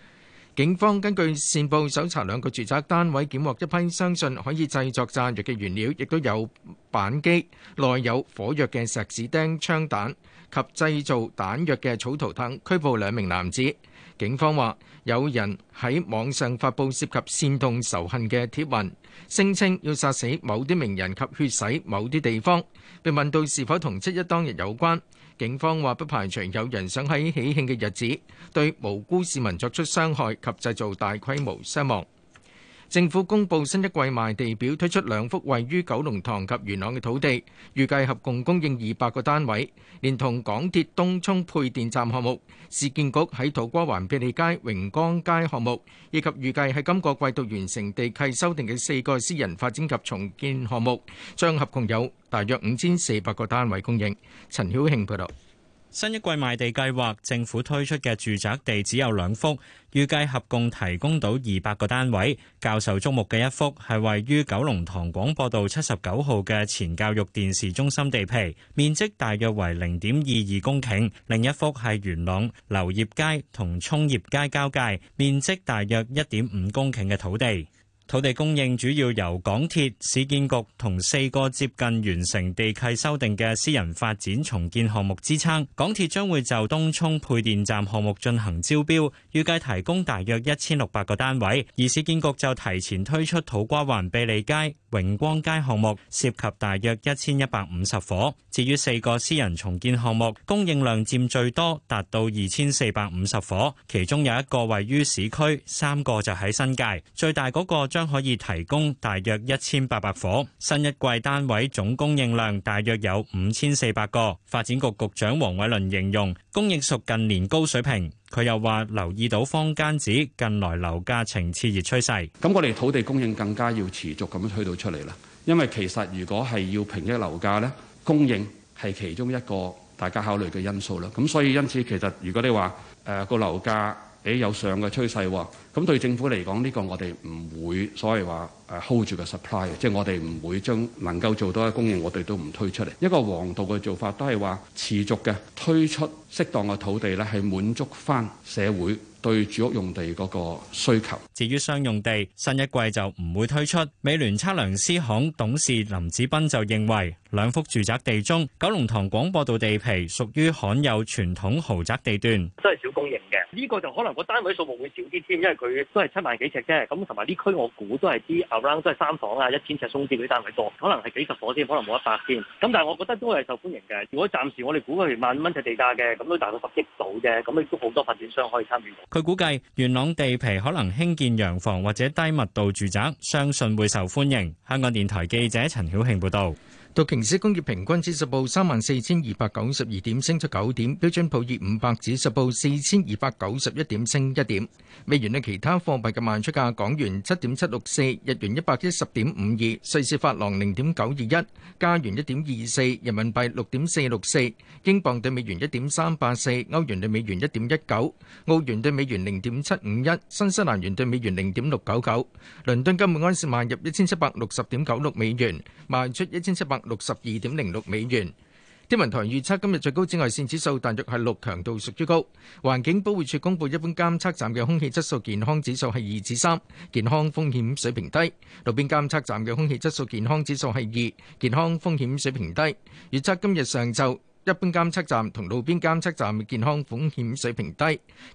警方根據線報搜查兩個住宅單位，檢獲一批相信可以製作炸藥嘅原料，亦都有扳機，內有火藥嘅石屎釘、槍彈及製造彈藥嘅草圖等，拘捕兩名男子。警方話有人喺網上發佈涉及煽動仇恨嘅貼文，聲稱要殺死某啲名人及血洗某啲地方。被問到是否同七一當日有關？警方話：不排除有人想喺喜慶嘅日子對無辜市民作出傷害及製造大規模傷亡。政府公布新一季賣地表推出兩幅位於九龍塘及元朗嘅土地，預計合共供應二百個單位，連同港鐵東涌配電站項目、市建局喺土瓜灣庇利街、榮光街項目，以及預計喺今個季度完成地契修訂嘅四個私人發展及重建項目，將合共有大約五千四百個單位供應。陳曉慶報導。新一季賣地計劃，政府推出嘅住宅地只有兩幅，預計合共提供到二百個單位。較受矚目嘅一幅係位於九龍塘廣播道七十九號嘅前教育電視中心地皮，面積大約為零點二二公頃；另一幅係元朗流業街同涌業街交界，面積大約一點五公頃嘅土地。土地供應主要由港鐵、市建局同四個接近完成地契修訂嘅私人發展重建項目支撐。港鐵將會就東涌配電站項目進行招標，預計提供大約一千六百個單位。而市建局就提前推出土瓜灣庇利街、榮光街項目，涉及大約一千一百五十伙。至於四個私人重建項目，供應量佔最多，達到二千四百五十伙，其中有一個位於市區，三個就喺新界，最大嗰個將將可以提供大約一千八百伙，新一季單位總供應量大約有五千四百個。發展局局長黃偉綸形容供應屬近年高水平。佢又話留意到坊間指近來樓價呈熾熱趨勢，咁我哋土地供應更加要持續咁樣推到出嚟啦。因為其實如果係要平抑樓價呢，供應係其中一個大家考慮嘅因素啦。咁所以因此其實如果你話誒個樓價。誒有上嘅趨勢喎，咁、嗯、對政府嚟講，呢、呢個我哋唔會所謂話誒 hold 住個 supply，即係我哋唔會將能夠做到嘅供應，我哋都唔推出嚟。一個王道嘅做法都係話持續嘅推出適當嘅土地咧，係滿足返社會，對住屋用地嗰個需求。至於商用地，新一季就唔會推出。美聯測量師行董事林子斌就認為，兩幅住宅地中，九龍塘廣播道地皮屬於罕有傳統豪宅地段，都係少供應嘅。呢、呢個就可能個單位數目會少啲添，因為佢都係七萬幾尺啫。咁同埋呢區，我估都係啲 around，都係三房啊，一千尺鬆子嗰啲單位多，可能係幾十房先，可能冇一百先。咁但係我覺得都係受歡迎嘅。如果暫時我哋估佢萬蚊尺地價嘅，咁都大概十億到啫。咁亦都好多發展商可以參與。佢估計元朗地皮可能興建洋房或者低密度住宅，相信會受歡迎。香港電台記者陳曉慶報導。道瓊斯工業平均指數報三萬四千二百九十二點，升出九點；標準普爾五百指數報四千二百九十一點，升一點。美元對其他貨幣嘅賣出價：港元七點七六四，日元一百一十點五二，瑞士法郎零點九二一，加元一點二四，人民幣六點四六四，英鎊對美元一點三八四，歐元對美元一點一九，澳元對美元零點七五一，新西蘭元對美元零點六九九。倫敦金本安士賣入一千七百六十點九六美元，賣出一千七百六十二點零六美元。天文台預測今日最高紫外線指數大約係六，強度屬於高。環境保護署公布一般監測站嘅空氣質素健康指數係二至三，健康風險水平低。路邊監測站嘅空氣質素健康指數係二，健康風險水平低。預測今日上晝。一般監測站同路邊監測站嘅健康風險水平低。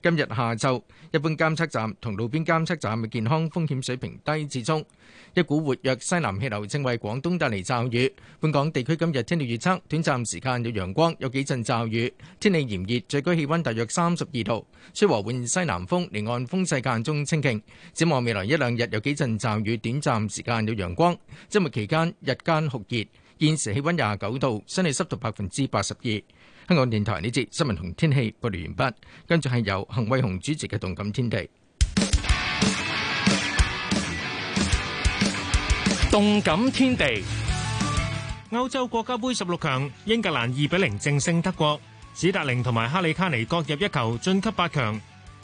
今日下晝，一般監測站同路邊監測站嘅健康風險水平低至中。一股活躍西南氣流正為廣東帶嚟驟雨。本港地區今日天氣預測，短暫時間有陽光，有幾陣驟雨。天氣炎熱，最高氣温大約三十二度。吹和緩西南風，離岸風勢間中清勁。展望未來一兩日，有幾陣驟雨，短暫時間有陽光。周末期間日間酷熱。現時氣温廿九度，空氣濕度百分之八十二。香港電台呢節新聞同天氣報道完畢，跟住係由彭偉雄主持嘅《動感天地》。動感天地，歐洲國家杯十六強，英格蘭二比零淨勝德國，史達寧同埋哈利卡尼各入一球晉級八強。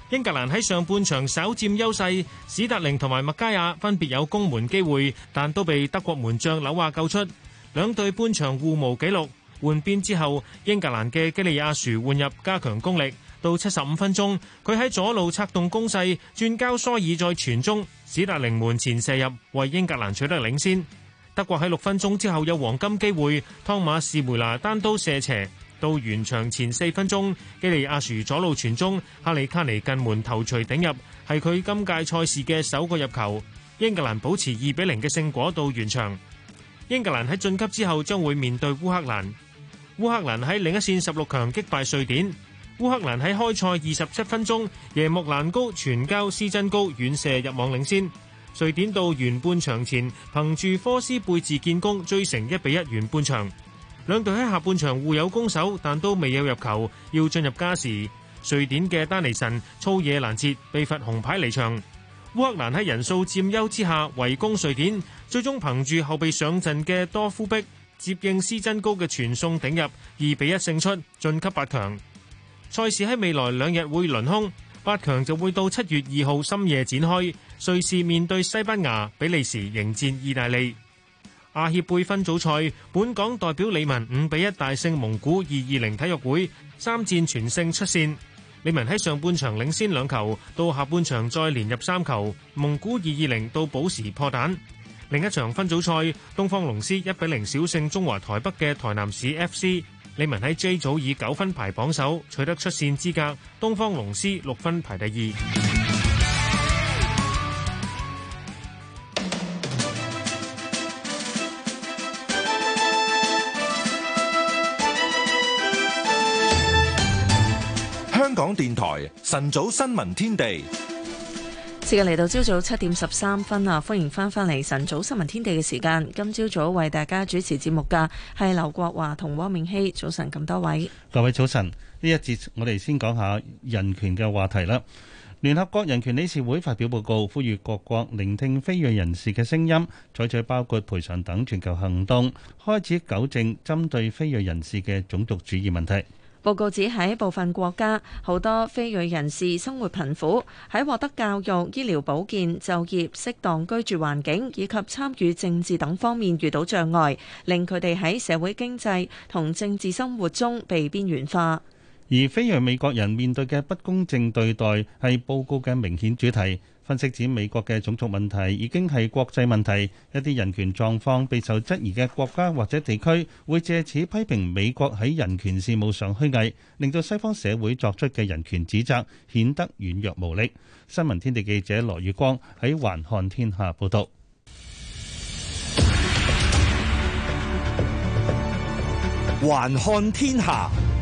英格蘭喺上半場稍佔優勢，史達寧同埋麥加亞分別有攻門機會，但都被德國門將紐亞救出。兩隊半場互無紀錄，換邊之後，英格蘭嘅基利亞殊換入加強攻力。到七十五分鐘，佢喺左路策動攻勢，轉交蘇爾在傳中，史達寧門前射入，為英格蘭取得領先。德國喺六分鐘之後有黃金機會，湯馬士梅拿單刀射斜。到完場前四分鐘，基利亞殊左路傳中，哈利卡尼近門頭槌頂入，係佢今屆賽事嘅首個入球。英格蘭保持二比零嘅勝果到完場。英格蘭喺晉級之後將會面對烏克蘭。烏克蘭喺另一線十六強擊敗瑞典。烏克蘭喺開賽二十七分鐘，耶莫蘭高傳交斯真高遠射入網領先。瑞典到完半場前，憑住科斯貝治建功追成一比一完半場。兩隊喺下半場互有攻守，但都未有入球。要進入加時，瑞典嘅丹尼神粗野攔截，被罰紅牌離場。烏克蘭喺人數佔優之下圍攻瑞典，最終憑住後備上陣嘅多夫碧接應斯真高嘅傳送頂入，二比一勝出，晉級八強。賽事喺未來兩日會輪空，八強就會到七月二號深夜展開。瑞士面對西班牙，比利時迎戰意大利。亞協盃分組賽，本港代表李文五比一大勝蒙古二二零體育會，三戰全勝出線。李文喺上半場領先兩球，到下半場再連入三球，蒙古二二零到補時破蛋。另一場分組賽，東方龍獅一比零小勝中華台北嘅台南市 FC。李文喺 J 組以九分排榜首，取得出線資格。東方龍獅六分排第二。晨早新聞天地，時間嚟到朝早七點十三分啦，歡迎翻返嚟晨早新聞天地嘅時間。今朝早為大家主持節目嘅係劉國華同汪明熙。早晨咁多位，各位早晨。呢一節我哋先講下人權嘅話題啦。聯合國人權理事會發表報告，呼籲各國聆聽非裔人士嘅聲音，採取包括賠償等全球行動，開始糾正針對非裔人士嘅種族主義問題。報告指喺部分國家，好多非裔人士生活貧苦，喺獲得教育、醫療保健、就業、適當居住環境以及參與政治等方面遇到障礙，令佢哋喺社會經濟同政治生活中被邊緣化。而非裔美國人面對嘅不公正對待係報告嘅明顯主題。分析指美國嘅種族問題已經係國際問題，一啲人權狀況備受質疑嘅國家或者地區會借此批評美國喺人權事務上虛偽，令到西方社會作出嘅人權指責顯得軟弱無力。新聞天地記者羅宇光喺橫看天下報道。橫看天下。報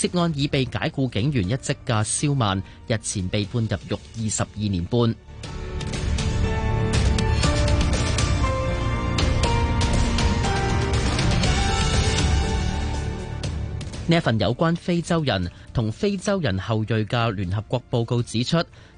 涉案已被解雇警員一職嘅肖曼日前被判入獄二十二年半。呢一份有關非洲人同非洲人後裔嘅聯合國報告指出。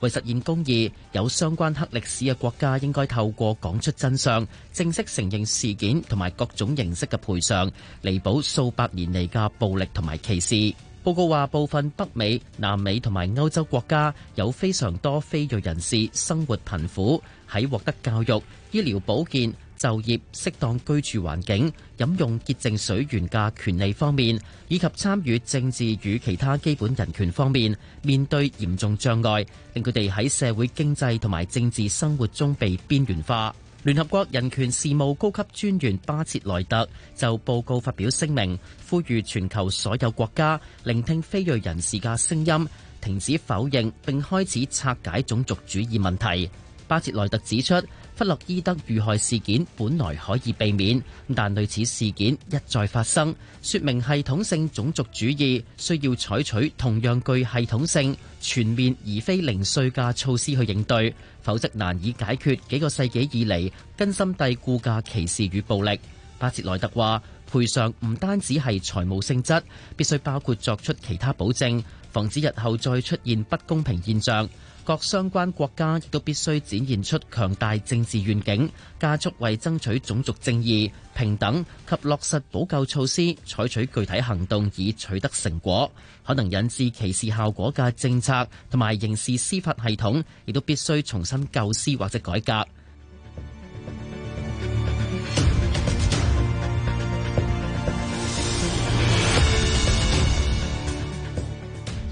為實現公義，有相關黑歷史嘅國家應該透過講出真相，正式承認事件同埋各種形式嘅賠償，彌補數百年嚟嘅暴力同埋歧視。報告話，部分北美、南美同埋歐洲國家有非常多非裔人士生活貧苦，喺獲得教育、醫療保健。就業、適當居住環境、飲用潔淨水源嘅權利方面，以及參與政治與其他基本人權方面，面對嚴重障礙，令佢哋喺社會經濟同埋政治生活中被邊緣化。聯合國人權事務高級專員巴切萊特就報告發表聲明，呼籲全球所有國家聆聽非裔人士嘅聲音，停止否認並開始拆解種族主義問題。巴切萊特指出：弗洛伊德遇害事件本來可以避免，但類似事件一再發生，說明系統性種族主義需要採取同樣具系統性、全面而非零碎嘅措施去應對，否則難以解決幾個世紀以嚟根深蒂固嘅歧視與暴力。巴切萊特話：賠償唔單止係財務性質，必須包括作出其他保證，防止日後再出現不公平現象。各相關國家亦都必須展現出強大政治願景，加速為爭取種族正義、平等及落實補救措施，採取具體行動以取得成果。可能引致歧視效果嘅政策同埋刑事司法系統，亦都必須重新構思或者改革。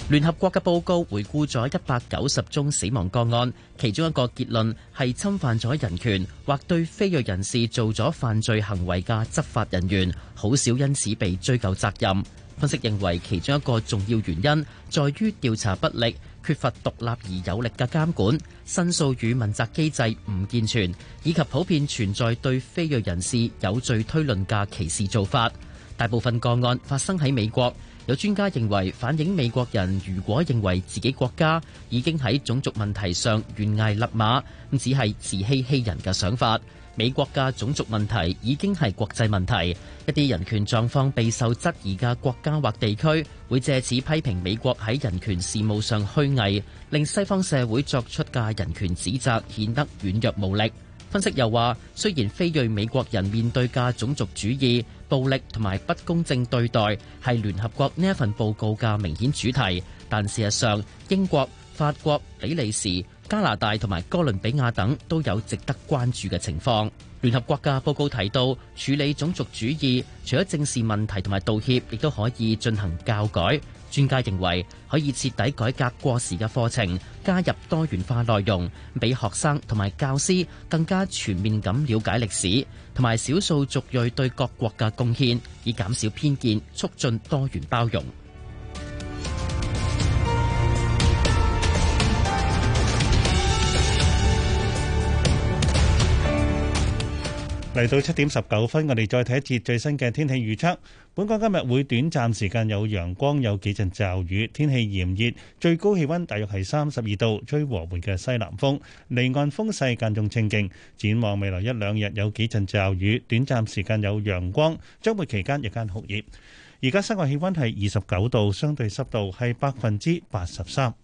聯合國嘅報告回顧咗一百九十宗死亡個案，其中一個結論係侵犯咗人權或對非裔人士做咗犯罪行為嘅執法人員好少因此被追究責任。分析認為其中一個重要原因在於調查不力、缺乏獨立而有力嘅監管、申訴與問責機制唔健全，以及普遍存在對非裔人士有罪推論嘅歧視做法。大部分個案發生喺美國。有專家認為，反映美國人如果認為自己國家已經喺種族問題上懸崖勒馬，只係自欺欺人嘅想法。美國嘅種族問題已經係國際問題，一啲人權狀況備受質疑嘅國家或地區，會借此批評美國喺人權事務上虛偽，令西方社會作出嘅人權指責顯得軟弱無力。分析又話，雖然非裔美國人面對嘅種族主義、暴力同埋不公正對待係聯合國呢一份報告嘅明顯主題，但事實上，英國、法國、比利時、加拿大同埋哥倫比亞等都有值得關注嘅情況。聯合國嘅報告提到，處理種族主義除咗正視問題同埋道歉，亦都可以進行教改。專家認為，可以徹底改革過時嘅課程，加入多元化內容，俾學生同埋教師更加全面咁了解歷史，同埋少數族裔對各國嘅貢獻，以減少偏見，促進多元包容。嚟到七點十九分，我哋再睇一節最新嘅天氣預測。本港今日會短暫時間有陽光，有幾陣驟雨，天氣炎熱，最高氣溫大約係三十二度，吹和緩嘅西南風，離岸風勢間中清勁。展望未來一兩日有幾陣驟雨，短暫時間有陽光，周末期間日間酷熱。而家室外氣溫係二十九度，相對濕度係百分之八十三。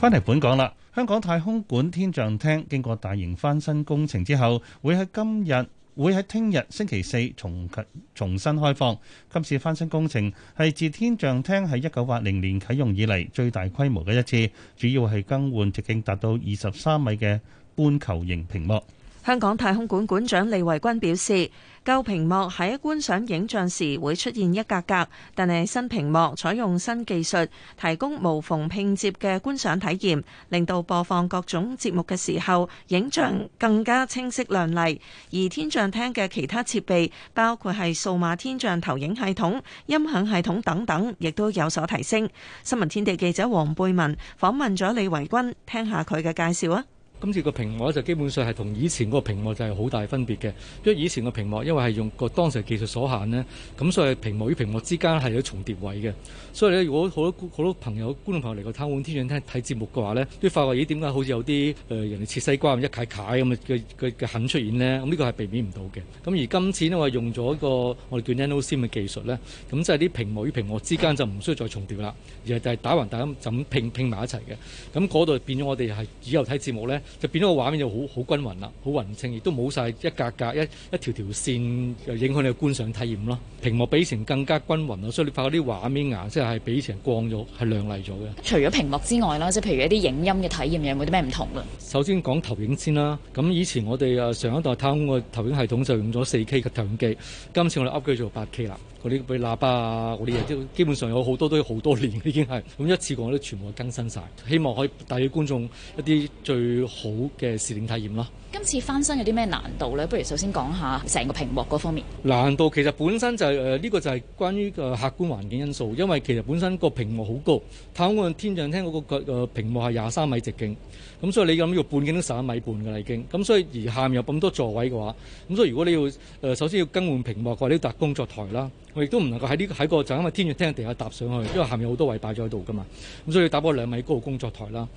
翻嚟本港啦，香港太空館天象廳經過大型翻新工程之後，會喺今日會喺聽日星期四重啟，重新開放。今次翻新工程係自天象廳喺一九八零年啟用以嚟最大規模嘅一次，主要係更換直徑達到二十三米嘅半球形屏幕。香港太空館館長李慧君表示。舊屏幕喺觀賞影像時會出現一格格，但係新屏幕採用新技術，提供無縫拼接嘅觀賞體驗，令到播放各種節目嘅時候，影像更加清晰亮麗。而天象廳嘅其他設備，包括係數碼天象投影系統、音響系統等等，亦都有所提升。新聞天地記者黃貝文訪問咗李維君，聽下佢嘅介紹啊！今次個屏幕咧就基本上係同以前個屏幕就係好大分別嘅，因為以前個屏幕因為係用個當時嘅技術所限呢，咁所以屏幕與屏幕之間係有重疊位嘅。所以咧，如果好多好多朋友觀眾朋友嚟過太空館天象廳睇節目嘅話咧，都發覺，咦，點解好似有啲誒人哋切西瓜咁一揀揀咁嘅嘅嘅痕出現呢？咁呢個係避免唔到嘅。咁而今次呢，我用咗一個我哋叫 nano sim 嘅技術咧，咁即係啲屏幕與屏幕之間就唔需要再重疊啦，而係就係打橫打咁咁拼拼埋一齊嘅。咁嗰度變咗我哋係以後睇節目咧。就變咗個畫面就好好均勻啦，好均稱，亦都冇晒一格格一一條條線就影響你嘅觀賞體驗咯。屏幕比以前更加均勻啦，所以你發覺啲畫面顏色係比以前光咗，係亮麗咗嘅。除咗屏幕之外啦，即係譬如一啲影音嘅體驗有冇啲咩唔同咧？首先講投影先啦。咁以前我哋誒上一代太空嘅投影系統就用咗四 k 嘅投影機，今次我哋 upgrade 做八 k 啦。嗰啲譬如喇叭啊，嗰啲嘢基本上有好多都好多年了，已經係，咁一次過，都全部都更新曬，希望可以帶予觀眾一啲最好嘅視聽體驗啦。今次翻新有啲咩難度咧？不如首先講下成個屏幕嗰方面。難度其實本身就係誒呢個就係關於個、呃、客觀環境因素，因為其實本身個屏幕好高，太空館天象廳嗰個、呃、屏幕係廿三米直徑，咁所以你諗要半徑都十一米半㗎喇已經，咁所以而下面有咁多座位嘅話，咁所以如果你要誒、呃、首先要更換屏幕或者搭工作台啦，我亦都唔能夠喺呢喺個，個就因為天象廳地下搭上去，因為下面好多位擺咗喺度㗎嘛，咁所以要搭個兩米高嘅工作台啦。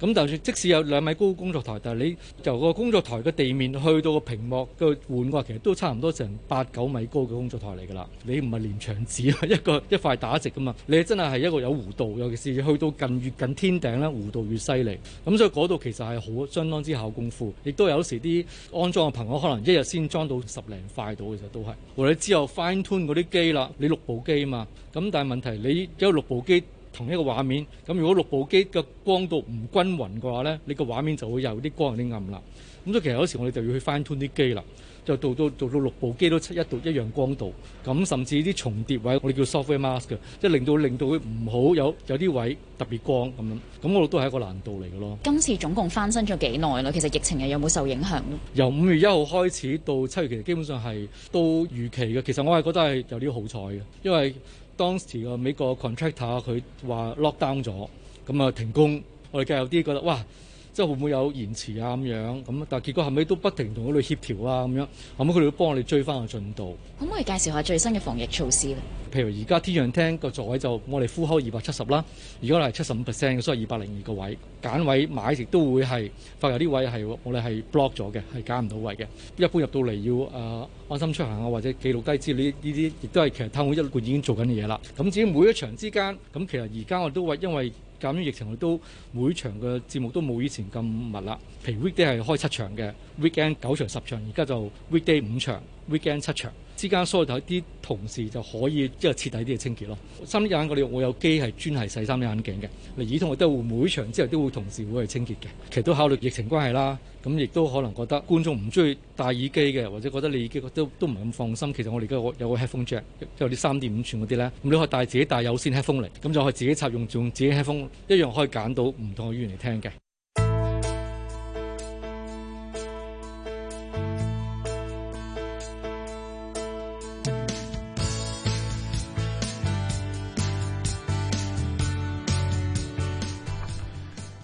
咁就算即使有兩米高工作台，但係你由個工作台嘅地面去到個屏幕嘅換過，其實都差唔多成八九米高嘅工作台嚟㗎啦。你唔係連牆紙啊，一個一塊打直㗎嘛？你真係係一個有弧度，尤其是去到近越近天頂咧，弧度越犀利。咁所以嗰度其實係好相當之考功夫，亦都有時啲安裝嘅朋友可能一日先裝到十零塊到，其實都係，或者之後 Fine Tune 嗰啲機啦，你六部機啊嘛。咁但係問題你有六部機。同一個畫面，咁如果六部機嘅光度唔均勻嘅話咧，你個畫面就會有啲光有啲暗啦。咁所以其實有時我哋就要去 fine tune 啲機啦，就到到到到六部機都七一度一樣光度，咁甚至啲重疊位，我哋叫 software mask 嘅，即係令到令到佢唔好有有啲位特別光咁樣。咁我哋都係一個難度嚟嘅咯。今次總共翻新咗幾耐咯？其實疫情又有冇受影響？由五月一號開始到七月，其實基本上係都預期嘅。其實我係覺得係有啲好彩嘅，因為。當時個美國 contractor 佢話 lock down 咗，咁啊停工，我哋梗有啲覺得哇。即係會唔會有延遲啊咁樣咁，但係結果後尾都不停同佢哋協調啊咁樣，後尾佢哋都幫我哋追翻個進度。可唔可以介紹下最新嘅防疫措施咧？譬如而家天象廳個座位就我哋呼開二百七十啦，如果係七十五 percent，所以二百零二個位揀位買亦都會係，發有啲位係我哋係 block 咗嘅，係揀唔到位嘅。一般入到嚟要誒、呃、安心出行啊，或者記錄低資料呢啲，亦都係其實廳會一貫已經做緊嘅嘢啦。咁至於每一場之間，咁其實而家我都會因為咁樣疫情，佢都每場嘅節目都冇以前咁密啦。譬如 weekday 係開七場嘅，weekend 九場十場，而家就 weekday 五場，weekend 七場。之間，所以就啲同事就可以即係徹底啲嘅清潔咯。三 D 眼鏡我會有機係專係洗三 D 眼鏡嘅。嚟耳筒我哋都會每場之後都會同時會去清潔嘅。其實都考慮疫情關係啦，咁亦都可能覺得觀眾唔中意戴耳機嘅，或者覺得你耳機都都唔係咁放心。其實我哋而家有個 headphone jack，有啲三點五寸嗰啲咧，咁你可以帶自己帶有線 headphone 嚟，咁就可以自己插用，用自己 headphone 一樣可以揀到唔同嘅語言嚟聽嘅。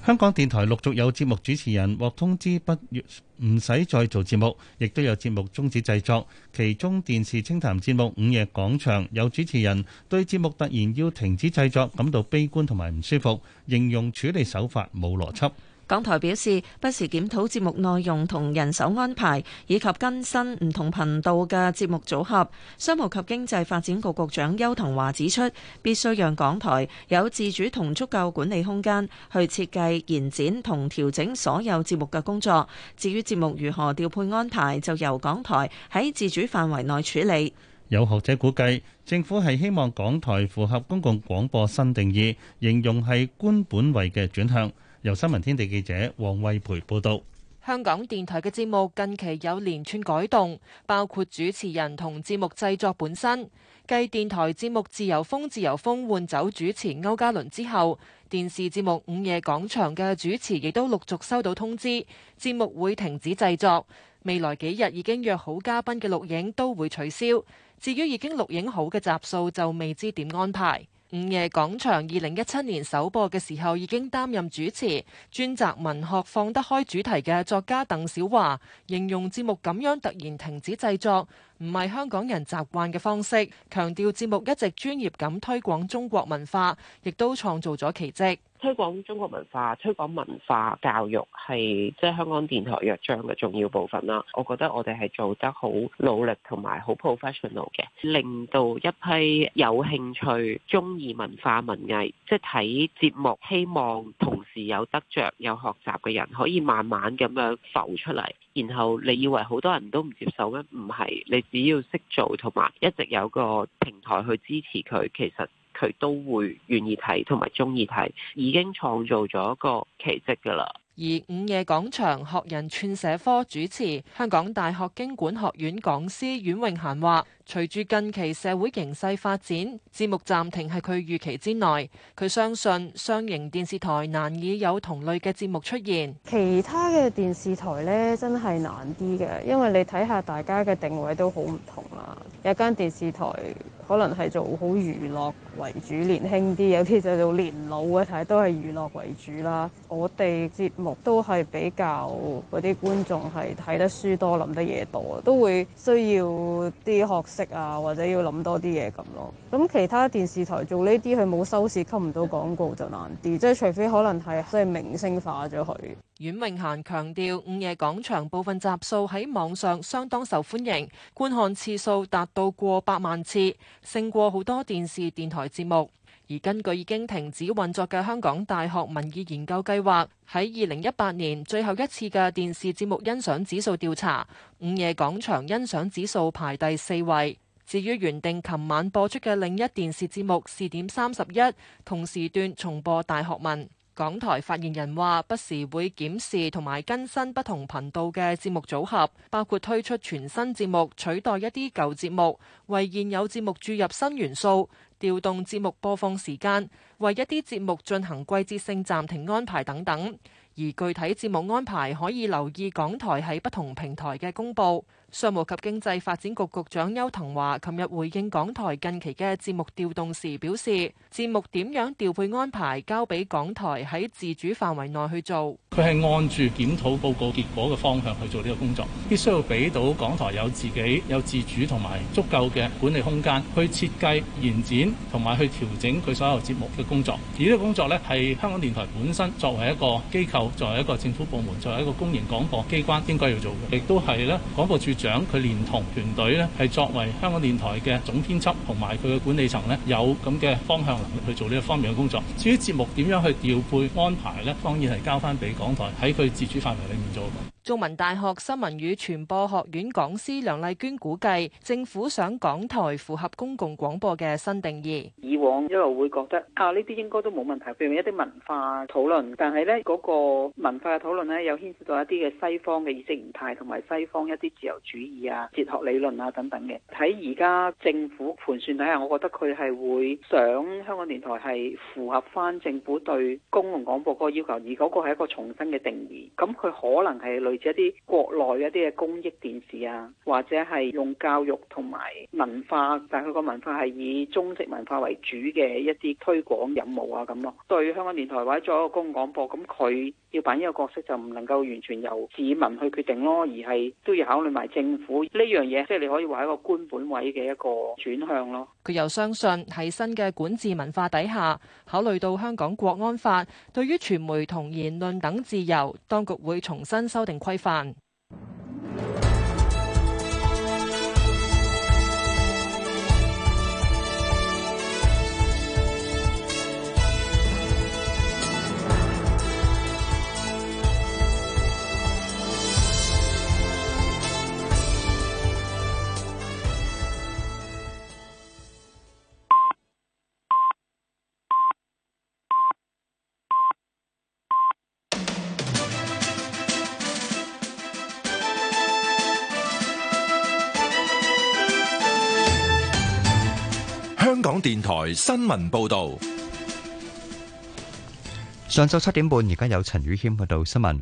香港電臺陸續有節目主持人獲通知不唔使再做節目，亦都有節目終止製作。其中電視清談節目《午夜廣場》有主持人對節目突然要停止製作感到悲觀同埋唔舒服，形容處理手法冇邏輯。港台表示不時檢討節目內容同人手安排，以及更新唔同頻道嘅節目組合。商務及經濟發展局局長邱騰華指出，必須讓港台有自主同足夠管理空間去設計、延展同調整所有節目嘅工作。至於節目如何調配安排，就由港台喺自主範圍內處理。有學者估計，政府係希望港台符合公共廣播新定義，形容係官本位嘅轉向。由新聞天地記者王慧培報道，香港電台嘅節目近期有連串改動，包括主持人同節目製作本身。繼電台節目《自由風》自由風換走主持區家麟之後，電視節目《午夜廣場》嘅主持亦都陸續收到通知，節目會停止製作。未來幾日已經約好嘉賓嘅錄影都會取消，至於已經錄影好嘅集數就未知點安排。午夜廣場二零一七年首播嘅時候已經擔任主持，專責文學放得開主題嘅作家鄧小華，形容節目咁樣突然停止製作，唔係香港人習慣嘅方式，強調節目一直專業咁推廣中國文化，亦都創造咗奇蹟。推廣中國文化，推廣文化教育係即係香港電台約章嘅重要部分啦。我覺得我哋係做得好努力同埋好 professional 嘅，令到一批有興趣、鍾意文化文藝、文藝，即係睇節目，希望同時有得着、有學習嘅人，可以慢慢咁樣浮出嚟。然後你以為好多人都唔接受咩？唔係，你只要識做同埋一直有一個平台去支持佢，其實。佢都會願意睇同埋中意睇，已經創造咗一個奇蹟㗎啦。而午夜廣場學人串社科主持、香港大學經管學院講師阮穎嫻話。隨住近期社會形勢發展，節目暫停係佢預期之內，佢相信商營電視台難以有同類嘅節目出現。其他嘅電視台咧真係難啲嘅，因為你睇下大家嘅定位都好唔同啦。有間電視台可能係做好娛樂為主，年輕啲；有啲就做年老嘅睇，都係娛樂為主啦。我哋節目都係比較嗰啲觀眾係睇得書多，諗得嘢多，都會需要啲學生。啊，或者要諗多啲嘢咁咯。咁其他電視台做呢啲，佢冇收視，吸唔到廣告就難啲。即係除非可能係即係明星化咗佢。阮永賢強調，午夜廣場部分集數喺網上相當受歡迎，觀看次數達到過百萬次，勝過好多電視電台節目。而根據已經停止運作嘅香港大學民意研究計劃喺二零一八年最後一次嘅電視節目欣賞指數調查，午夜廣場欣賞指數排第四位。至於原定琴晚播出嘅另一電視節目視點三十一，同時段重播《大學問》，港台發言人話，不時會檢視同埋更新不同頻道嘅節目組合，包括推出全新節目取代一啲舊節目，為現有節目注入新元素。調動節目播放時間，為一啲節目進行季節性暫停安排等等，而具體節目安排可以留意港台喺不同平台嘅公佈。商務及經濟發展局局長邱騰華琴日回應港台近期嘅節目調動時表示，節目點樣調配安排，交俾港台喺自主範圍內去做。佢係按住檢討報告結果嘅方向去做呢個工作，必須要俾到港台有自己、有自主同埋足夠嘅管理空間，去設計、延展同埋去調整佢所有節目嘅工作。而呢個工作呢，係香港電台本身作為一個機構、作為一個政府部門、作為一個公營廣播機關應該要做嘅，亦都係呢廣播處。長佢連同團隊咧，係作為香港電台嘅總編輯同埋佢嘅管理層咧，有咁嘅方向能力去做呢一方面嘅工作。至於節目點樣去調配安排咧，當然係交翻俾港台喺佢自主範圍裏面做。中文大學新聞與傳播學院講師梁麗娟估計，政府想港台符合公共廣播嘅新定義。以往一路會覺得啊，呢啲應該都冇問題，譬如一啲文化討論，但係咧嗰個文化嘅討論咧，有牽涉到一啲嘅西方嘅意識形態同埋西方一啲自由主義啊、哲學理論啊等等嘅。喺而家政府盤算底下，我覺得佢係會想香港電台係符合翻政府對公共廣播嗰個要求，而嗰個係一個重新嘅定義。咁佢可能係。來似一啲國內一啲嘅公益電視啊，或者係用教育同埋文化，但係佢個文化係以中式文化為主嘅一啲推廣任務啊咁咯。對香港電台或者作為一個公共廣播，咁佢要扮一個角色就唔能夠完全由市民去決定咯，而係都要考慮埋政府呢樣嘢，即係你可以話一個官本位嘅一個轉向咯。佢又相信喺新嘅管治文化底下，考慮到香港國安法對於傳媒同言論等自由，當局會重新修訂。規範。電台新聞報道：上晝七點半，而家有陳宇謙報道新聞。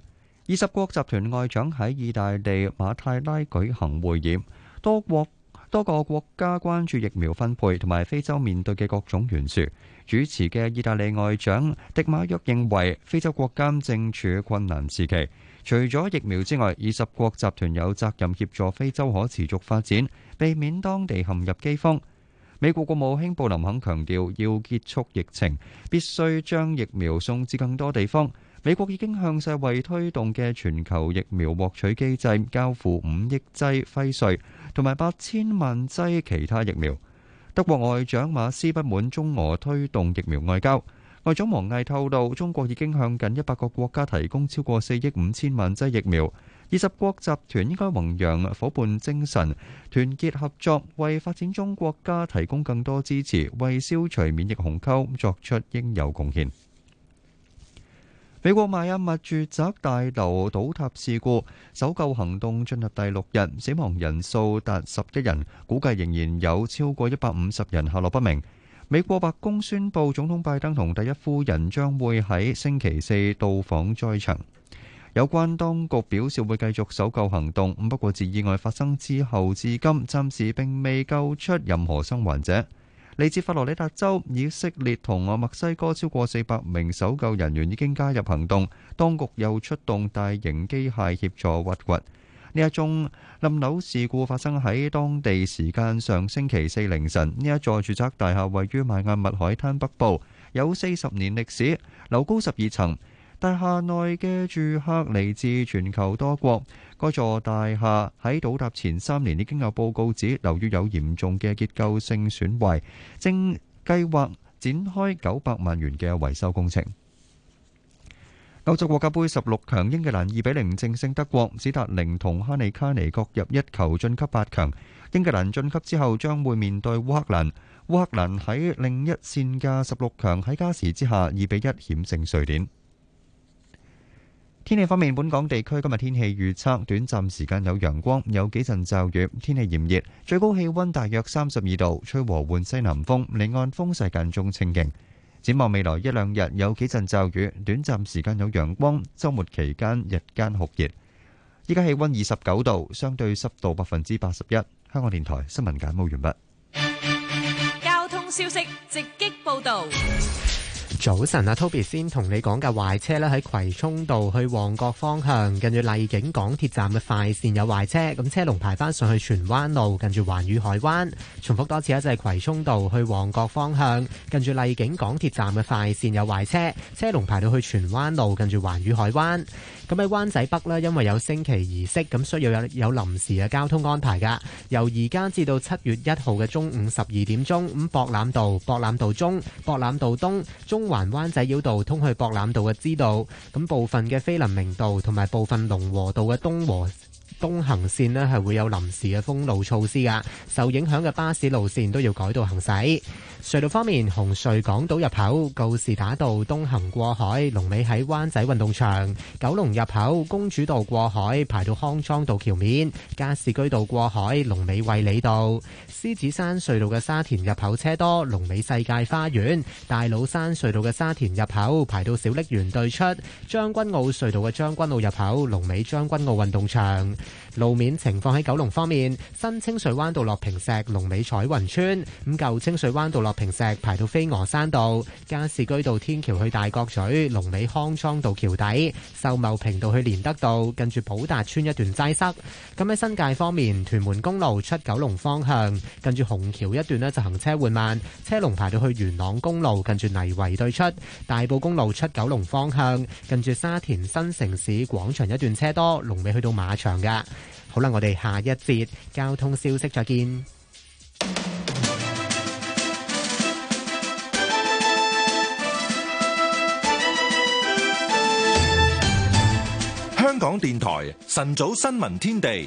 二十國集團外長喺意大利馬泰拉舉行會議，多國多個國家關注疫苗分配同埋非洲面對嘅各種懸殊。主持嘅意大利外長迪馬約認為，非洲國家正處困難時期。除咗疫苗之外，二十國集團有責任協助非洲可持續發展，避免當地陷入饑荒。美國國務卿布林肯強調，要結束疫情，必須將疫苗送至更多地方。美國已經向世衛推動嘅全球疫苗獲取機制交付五億劑輝瑞，同埋八千萬劑其他疫苗。德國外長馬斯不滿中俄推動疫苗外交，外長王毅透露，中國已經向近一百個國家提供超過四億五千萬劑疫苗。二十國集團應該弘揚夥伴精神，團結合作，為發展中國家提供更多支持，為消除免疫鴻溝作出應有貢獻。美國邁阿密住宅大樓倒塌事故搜救行動進入第六日，死亡人數達十一人，估計仍然有超過一百五十人下落不明。美國白宮宣布，總統拜登同第一夫人將會喺星期四到訪災場。有關當局表示會繼續搜救行動，不過自意外發生之後至今，暫時並未救出任何生還者。嚟自佛羅里達州、以色列同埋墨西哥超過四百名搜救人員已經加入行動，當局又出動大型機械協助挖掘。呢一宗冧樓事故發生喺當地時間上星期四凌晨。呢一座住宅大廈位於邁阿密海灘北部，有四十年歷史，樓高十二層。大廈內嘅住客嚟自全球多國。該座大廈喺倒塌前三年，已經有報告指樓宇有嚴重嘅結構性損壞，正計劃展開九百萬元嘅維修工程。歐洲國家盃十六強，英格蘭二比零正勝德國，史達寧同哈利卡尼各入一球晉級八強。英格蘭晉級之後將會面對烏克蘭。烏克蘭喺另一綫嘅十六強喺加時之下二比一險勝瑞典。天氣方面，本港地區今日天氣預測，短暫時間有陽光，有幾陣驟雨，天氣炎熱，最高氣溫大約三十二度，吹和緩西南風，離岸風勢間中清勁。展望未來一兩日，有幾陣驟雨，短暫時間有陽光。週末期間日間酷熱，依家氣溫二十九度，相對濕度百分之八十一。香港電台新聞簡報完畢。交通消息直擊報道。早晨啊，Toby 先同你講架壞車啦，喺葵涌道去旺角方向，近住荔景港鐵站嘅快線有壞車，咁車龍排翻上去荃灣路，近住環宇海灣。重複多次啊，就係、是、葵涌道去旺角方向，近住荔景港鐵站嘅快線有壞車，車龍排到去荃灣路，近住環宇海灣。咁喺灣仔北呢，因為有升旗儀式，咁需要有有臨時嘅交通安排噶。由而家至到七月一號嘅中午十二點鐘，咁博覽道、博覽道中、博覽道東、中環灣仔繞道通去博覽道嘅支道，咁部分嘅菲林明道同埋部分龍和道嘅東和東行線呢，係會有臨時嘅封路措施噶。受影響嘅巴士路線都要改道行駛。隧道方面，紅隧港島入口告士打道東行過海，龍尾喺灣仔運動場；九龍入口公主道過海，排到康莊道橋面；加士居道過海，龍尾衛理道；獅子山隧道嘅沙田入口車多，龍尾世界花園；大老山隧道嘅沙田入口排到小瀝源對出；將軍澳隧道嘅將軍澳入口龍尾將軍澳運動場。路面情況喺九龍方面，新清水灣道落坪石，龍尾彩雲村；咁舊清水灣道落坪石，排到飛鵝山道，加士居道天橋去大角咀，龍尾康莊道橋底，秀茂坪道去連德道，近住寶達邨一段擠塞。咁喺新界方面，屯門公路出九龍方向，近住虹橋一段呢就行車緩慢，車龍排到去元朗公路，近住泥圍對出，大埔公路出九龍方向，近住沙田新城市廣場一段車多，龍尾去到馬場嘅。好啦，我哋下一節交通消息再見。香港電台晨早新聞天地。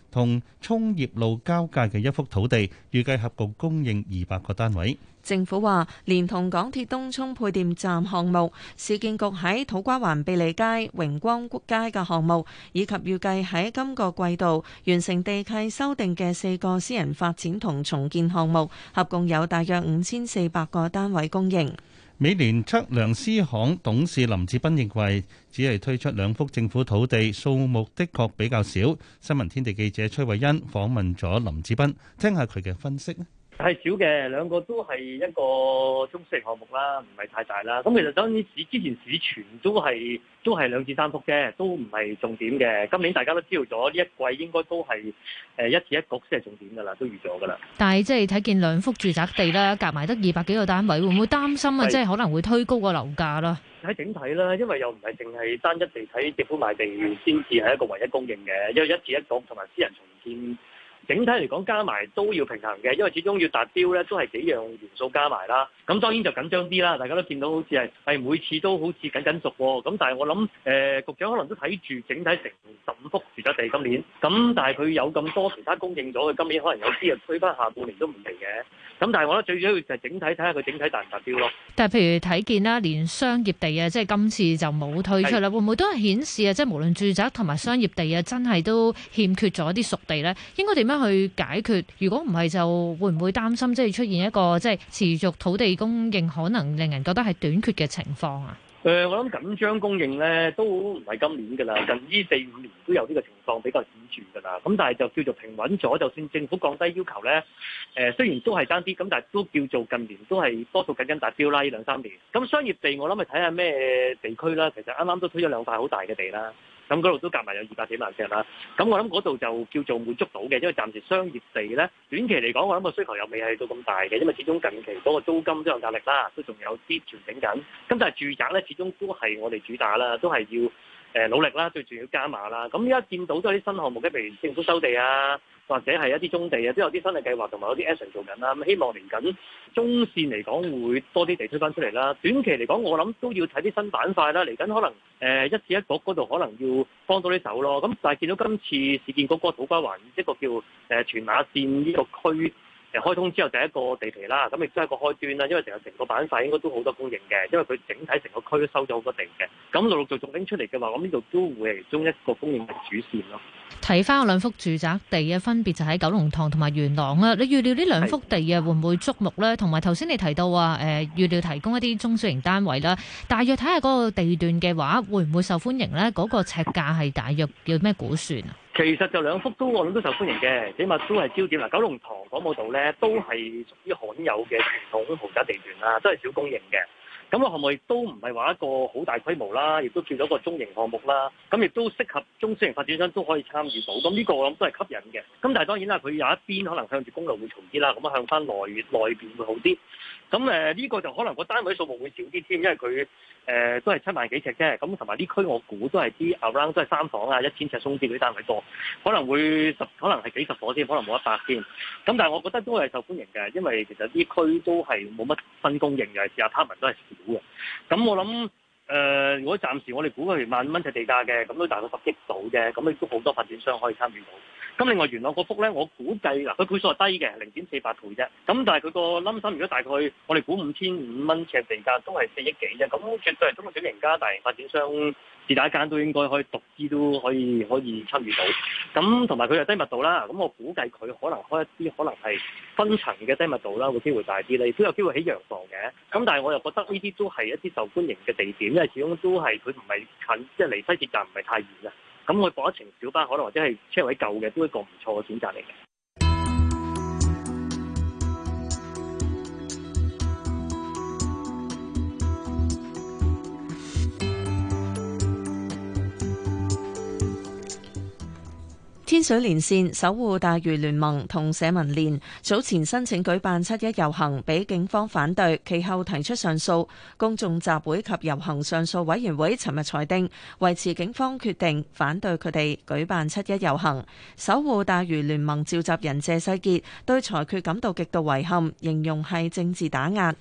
同涌業路交界嘅一幅土地，預計合共供應二百個單位。政府話，連同港鐵東涌配電站項目、市建局喺土瓜灣庇利街、榮光街嘅項目，以及預計喺今個季度完成地契修訂嘅四個私人發展同重建項目，合共有大約五千四百個單位供應。美聯測量師行董事林志斌認為，只係推出兩幅政府土地，數目的確比較少。新聞天地記者崔慧恩訪問咗林志斌，聽下佢嘅分析。係少嘅，兩個都係一個中小型項，項目啦，唔係太大啦。咁其實當然市之前市全都係都係兩至三幅啫，都唔係重點嘅。今年大家都知道咗，呢一季應該都係誒一址一局先係重點噶啦，都預咗噶啦。但係即係睇見兩幅住宅地啦，夾埋得二百幾個單位，會唔會擔心啊？即係可能會推高個樓價啦？喺整體啦，因為又唔係淨係單一地睇政府賣地先至係一個唯一供應嘅，因為一址一局同埋私人重建。整體嚟講加埋都要平衡嘅，因為始終要達標咧，都係幾樣元素加埋啦。咁當然就緊張啲啦，大家都見到好似係係每次都好似緊緊熟喎。咁但係我諗誒、呃、局長可能都睇住整體成十五幅住宅地今年，咁但係佢有咁多其他供應咗，佢今年可能有啲人推翻下半年都唔嚟嘅。咁但係我覺得最主要就係整體睇下佢整體達唔達標咯。但係譬如睇見啦，連商業地啊，即係今次就冇推出啦，是會唔會都係顯示啊，即係無論住宅同埋商業地啊，真係都欠缺咗一啲熟地咧？應該點樣去解決？如果唔係，就會唔會擔心即係出現一個即係持續土地供應可能令人覺得係短缺嘅情況啊？誒、呃，我諗緊張供應咧都唔係今年㗎啦，近呢四五年都有呢個情況比較顯著㗎啦。咁但係就叫做平穩咗，就算政府降低要求咧，誒、呃、雖然都係爭啲，咁但係都叫做近年都係多數緊緊達標啦。呢兩三年，咁、嗯、商業地我諗咪睇下咩地區啦。其實啱啱都推咗兩塊好大嘅地啦。咁嗰度都夾埋有二百幾萬尺啦，咁、嗯、我諗嗰度就叫做滿足到嘅，因為暫時商業地咧短期嚟講，我諗個需求又未係到咁大嘅，因為始終近期嗰個租金都有壓力啦，都仲有啲調整緊。咁但係住宅咧，始終都係我哋主打啦，都係要誒努力啦，最重要加碼啦。咁而家見到都係啲新項目，即譬如政府收地啊。或者係一啲中地啊，都有啲新嘅計劃同埋有啲 action 做緊啦。咁希望嚟緊中線嚟講會多啲地推出嚟啦。短期嚟講，我諗都要睇啲新板塊啦。嚟緊可能誒、呃、一至一局嗰度可能要幫到啲手咯。咁但係見到今次事件嗰、嗰個土瓜灣一個叫誒屯馬線呢個區誒、呃、開通之後第一個地皮啦，咁亦都係一個開端啦。因為成個成個板塊應該都好多供應嘅，因為佢整體成個區都收咗好多地嘅。咁陸陸續續拎出嚟嘅話，我呢度都會係其中一個供應嘅主線咯。睇翻兩幅住宅地啊，分別就喺九龍塘同埋元朗啦。你預料呢兩幅地啊會唔會矚目咧？同埋頭先你提到話誒，預料提供一啲中小型單位啦。大約睇下嗰個地段嘅話，會唔會受歡迎咧？嗰個尺價係大約要咩估算啊？其實就兩幅都我諗都受歡迎嘅，起碼都係焦點啦。九龍塘嗰度咧，都係屬於罕有嘅傳統豪宅地段啦，都係少供應嘅。咁我係咪都唔係話一個好大規模啦，亦都叫咗個中型項目啦，咁亦都適合中小型發展商都可以參與到，咁、這、呢個我諗都係吸引嘅。咁但係當然啦，佢有一邊可能向住公路會重啲啦，咁啊向翻內內邊會好啲。咁誒呢個就可能個單位數目會少啲添，因為佢誒、呃、都係七萬幾尺啫。咁同埋呢區我估都係啲 around 都係三房啊、一千尺鬆啲嗰啲單位多，可能會十可能係幾十房先，可能冇一百添。咁但係我覺得都係受歡迎嘅，因為其實呢區都係冇乜新供應嘅，Apartment 都係少嘅。咁我諗。誒、呃，如果暫時我哋估佢係萬蚊尺地價嘅，咁都大概十億到啫，咁亦都好多發展商可以參與到。咁另外元朗嗰幅咧，我估計嗱，佢倍數係低嘅，零點四八倍啫。咁但係佢個冧心，如果大概我哋估五千五蚊尺地價，都係四億幾啫。咁絕對都係中小型家、大型發展商自打一間都應該可以獨資都可以可以參與到。咁同埋佢又低密度啦，咁我估計佢可能開一啲可能係分層嘅低密度啦，會機會大啲咧，亦都有機會起洋房嘅。咁但係我又覺得呢啲都係一啲受歡迎嘅地點。誒，始終都係佢唔係近，即係離西鐵站唔係太遠嘅。咁我坐一程小巴，可能或者係車位夠嘅，都係一個唔錯嘅選擇嚟嘅。天水連線、守護大嶼聯盟同社民連早前申請舉辦七一遊行，俾警方反對，其後提出上訴。公眾集會及遊行上訴委員會尋日裁定，維持警方決定反對佢哋舉辦七一遊行。守護大嶼聯盟召集人謝世杰對裁決感到極度遺憾，形容係政治打壓。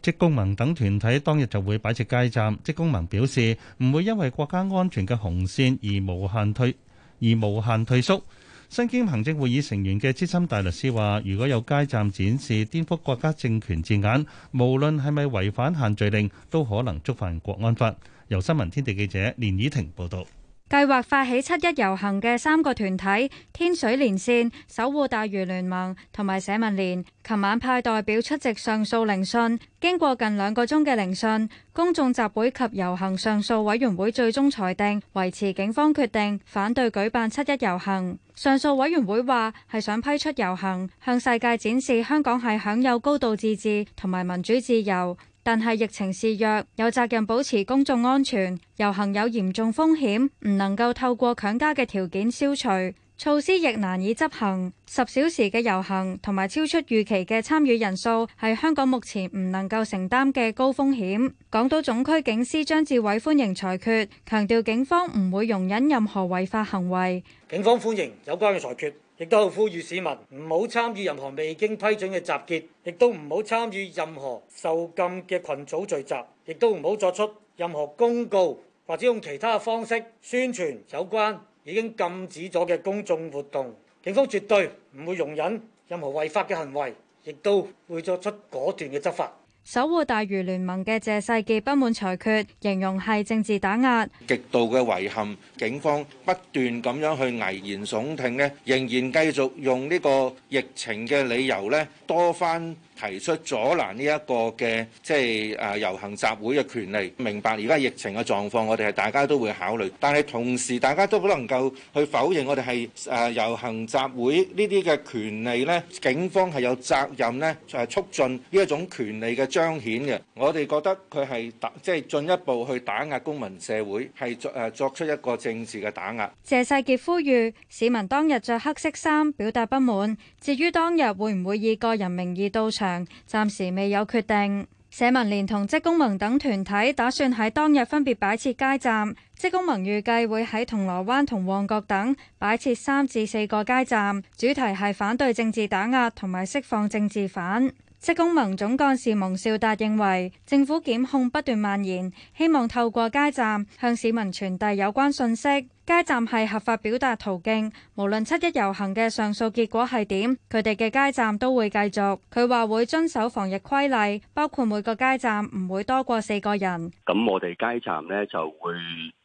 職工盟等團體當日就會擺設街站。職工盟表示唔會因為國家安全嘅紅線而無限退。而無限退縮。身兼行政會議成員嘅資深大律師話，如果有街站展示顛覆國家政權字眼，無論係咪違反限聚令，都可能觸犯國安法。由新聞天地記者連以婷報導。計劃發起七一遊行嘅三個團體天水連線、守護大嶼聯盟同埋社民連，琴晚派代表出席上訴聆訊。經過近兩個鐘嘅聆訊，公眾集會及遊行上訴委員會最終裁定維持警方決定，反對舉辦七一遊行。上訴委員會話係想批出遊行，向世界展示香港係享有高度自治同埋民主自由。但係疫情肆虐，有責任保持公眾安全。遊行有嚴重風險，唔能夠透過強加嘅條件消除，措施亦難以執行。十小時嘅遊行同埋超出預期嘅參與人數，係香港目前唔能夠承擔嘅高風險。港島總區警司張志偉歡迎裁決，強調警方唔會容忍任何違法行為。警方歡迎有關嘅裁決。亦都好呼籲市民唔好參與任何未經批准嘅集結，亦都唔好參與任何受禁嘅群組聚集，亦都唔好作出任何公告或者用其他方式宣傳有關已經禁止咗嘅公眾活動。警方絕對唔會容忍任何違法嘅行為，亦都會作出果斷嘅執法。守護大嶼聯盟嘅謝世傑不滿裁決，形容係政治打壓，極度嘅遺憾。警方不斷咁樣去危言聳聽呢，仍然繼續用呢個疫情嘅理由呢，多番。提出阻攔呢一個嘅即係誒遊行集會嘅權利，明白而家疫情嘅狀況，我哋係大家都會考慮，但係同時大家都不能夠去否認我哋係誒遊行集會呢啲嘅權利咧，警方係有責任咧誒促進呢一種權利嘅彰顯嘅。我哋覺得佢係即係進一步去打壓公民社會，係誒作出一個政治嘅打壓。謝世傑呼籲市民當日着黑色衫表達不滿，至於當日會唔會以個人名義到場？暫時未有決定。社民連同職工盟等團體打算喺當日分別擺設街站。職工盟預計會喺銅鑼灣同旺角等擺設三至四個街站，主題係反對政治打壓同埋釋放政治犯。職工盟總幹事蒙兆達認為，政府檢控不斷蔓延，希望透過街站向市民傳遞有關信息。街站係合法表達途徑，無論七一遊行嘅上訴結果係點，佢哋嘅街站都會繼續。佢話會遵守防疫規例，包括每個街站唔會多過四個人。咁我哋街站呢就會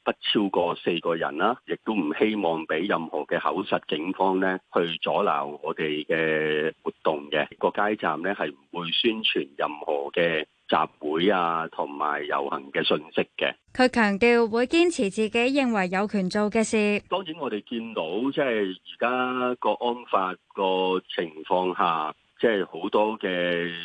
不超過四個人啦，亦都唔希望俾任何嘅口實，警方呢去阻撓我哋嘅活動嘅。個街站呢係唔會宣傳任何嘅。集會啊，同埋遊行嘅訊息嘅。佢強調會堅持自己認為有權做嘅事。當然，我哋見到即係而家國安法個情況下，即係好多嘅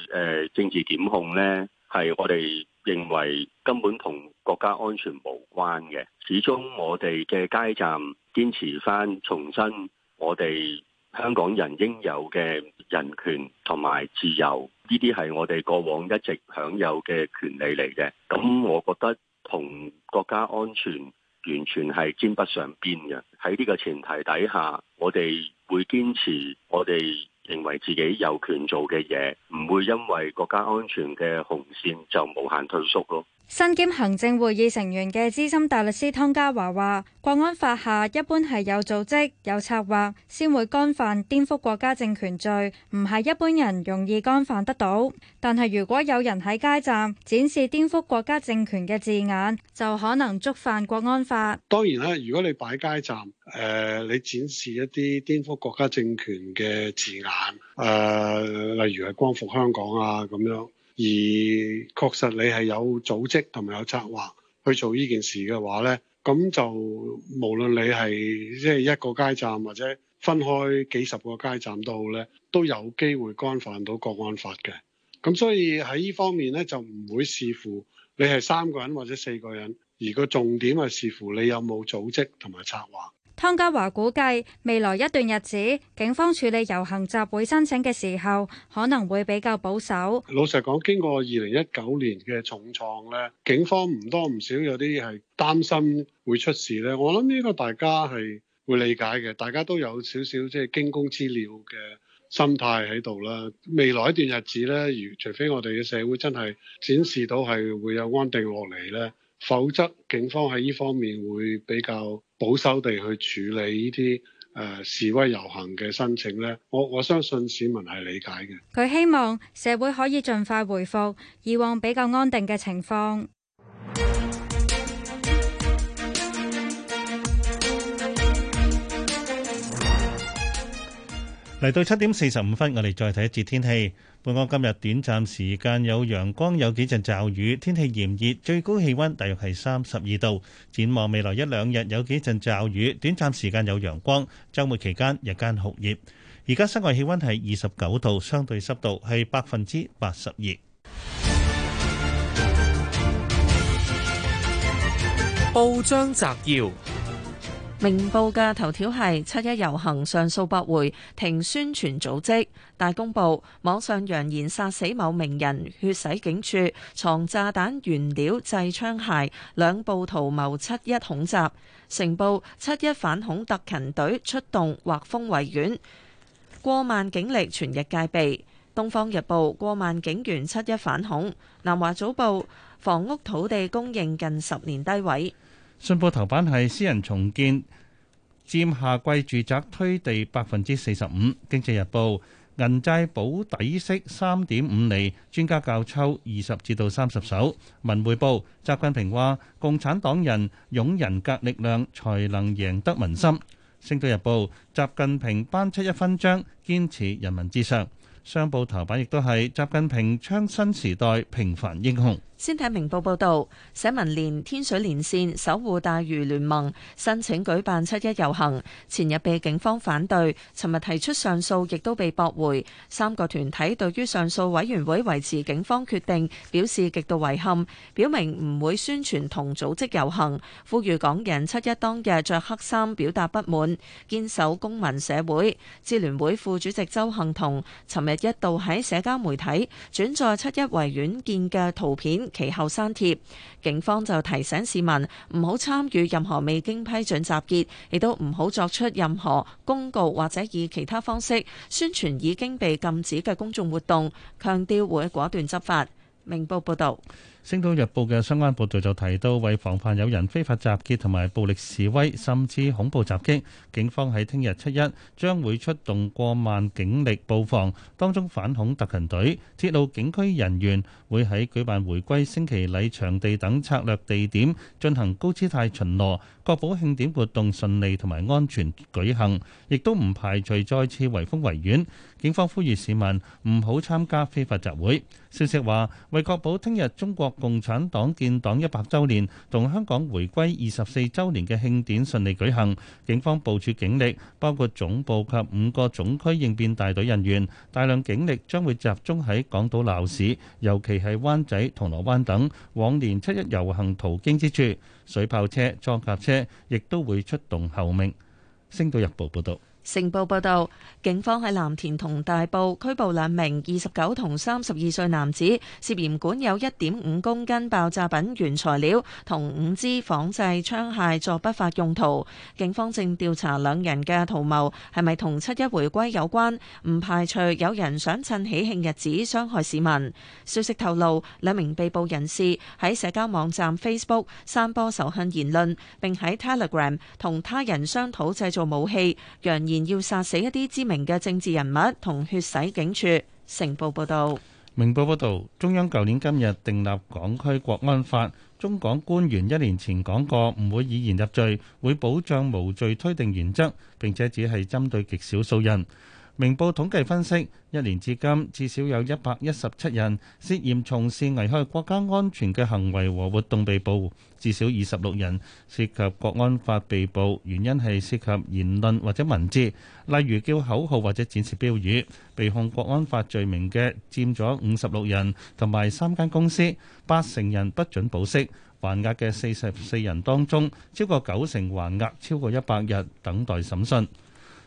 誒政治檢控呢，係我哋認為根本同國家安全無關嘅。始終我哋嘅街站堅持翻，重申我哋香港人應有嘅人權同埋自由，呢啲係我哋過往一直享有嘅權利嚟嘅。咁我覺得同國家安全完全係沾不上邊嘅。喺呢個前提底下，我哋會堅持我哋認為自己有權做嘅嘢，唔會因為國家安全嘅紅線就無限退縮咯。身兼行政會議成員嘅資深大律師湯家驊話，國安法下一般係有組織、有策劃先會干犯顛覆國家政權罪，唔係一般人容易干犯得到。但係如果有人喺街站展示顛覆國家政權嘅字眼，就可能觸犯國安法。當然啦，如果你擺街站，誒、呃，你展示一啲顛覆國家政權嘅字眼，誒、呃，例如係光復香港啊，咁樣。而確實你係有組織同埋有策劃去做呢件事嘅話呢，咁就無論你係即係一個街站或者分開幾十個街站都好呢，都有機會干犯到國安法嘅。咁所以喺呢方面呢，就唔會視乎你係三個人或者四個人，而個重點係視乎你有冇組織同埋策劃。湯家驊估計未來一段日子，警方處理遊行集會申請嘅時候，可能會比較保守。老實講，經過二零一九年嘅重創咧，警方唔多唔少有啲係擔心會出事咧。我諗呢個大家係會理解嘅，大家都有少少即係驚弓之鳥嘅心態喺度啦。未來一段日子咧，如除非我哋嘅社會真係展示到係會有安定落嚟咧。否則，警方喺呢方面會比較保守地去處理呢啲誒示威遊行嘅申請呢。我我相信市民係理解嘅。佢希望社會可以盡快回復以往比較安定嘅情況。嚟到七點四十五分，我哋再睇一節天氣。本港今日短暫時間有陽光，有幾陣驟雨，天氣炎熱，最高氣温大約係三十二度。展望未來一兩日有幾陣驟雨，短暫時間有陽光。周末期間日間酷熱，而家室外氣温係二十九度，相對濕度係百分之八十二。報章摘要。明報嘅頭條係七一遊行上訴駁回，停宣傳組織。大公報網上揚言殺死某名人、血洗警署、藏炸彈原料製槍械，兩暴徒圖謀七一恐襲。成報七一反恐特勤隊出動，劃封圍園，過萬警力全日戒備。東方日報過萬警員七一反恐。南華早報房屋土地供應近十年低位。信報頭版係私人重建佔夏季住宅推地百分之四十五。經濟日報銀債保底息三點五厘，專家教抽二十至到三十手。文匯報習近平話：共產黨人擁人格力量，才能贏得民心。星島日報習近平頒七一勳章，堅持人民至上。商報頭版亦都係習近平倡新時代平凡英雄。先睇明報報導，社民連、天水連線、守護大嶼聯盟申請舉辦七一遊行，前日被警方反對，尋日提出上訴，亦都被駁回。三個團體對於上訴委員會維持警方決定表示極度遺憾，表明唔會宣傳同組織遊行，呼籲港人七一當日着黑衫表達不滿，堅守公民社會。支聯會副主席周幸彤尋日一度喺社交媒體轉載七一維園見嘅圖片。其後刪帖，警方就提醒市民唔好參與任何未經批准集結，亦都唔好作出任何公告或者以其他方式宣傳已經被禁止嘅公眾活動，強調會果斷執法。明報報道。《星島日報》嘅相關報導就提到，為防範有人非法集結同埋暴力示威，甚至恐怖襲擊，警方喺聽日七一將會出動過萬警力布防，當中反恐特勤隊、鐵路警區人員會喺舉辦回歸升旗禮場地等策略地點進行高姿態巡邏，確保慶典活動順利同埋安全舉行，亦都唔排除再次圍封維園。警方呼籲市民唔好參加非法集會。消息話，為確保聽日中國共產黨建黨一百周年同香港回歸二十四周年嘅慶典順利舉行，警方部署警力，包括總部及五個總區應變大隊人員，大量警力將會集中喺港島鬧市，尤其係灣仔、銅鑼灣等往年七一遊行途經之處，水炮車、裝甲車亦都會出動候命。星島日報報道。成報報導，警方喺藍田同大埔拘捕兩名二十九同三十二歲男子，涉嫌管有一點五公斤爆炸品原材料同五支仿製槍械作不法用途。警方正調查兩人嘅圖謀係咪同七一回歸有關，唔排除有人想趁喜慶日子傷害市民。消息透露，兩名被捕人士喺社交網站 Facebook 散播仇恨言論，並喺 Telegram 同他人商討製造武器，揚言，然要殺死一啲知名嘅政治人物同血洗警署。成報報道，明報報道，中央舊年今日訂立港區國安法，中港官員一年前講過唔會以言入罪，會保障無罪推定原則，並且只係針對極少數人。明報統計分析，一年至今至少有一百一十七人涉嫌從事危害國家安全嘅行為和活動被捕，至少二十六人涉及國安法被捕，原因係涉及言論或者文字，例如叫口號或者展示標語。被控國安法罪名嘅佔咗五十六人，同埋三間公司，八成人不准保釋，還押嘅四十四人當中，超過九成還押超過一百日等待審訊。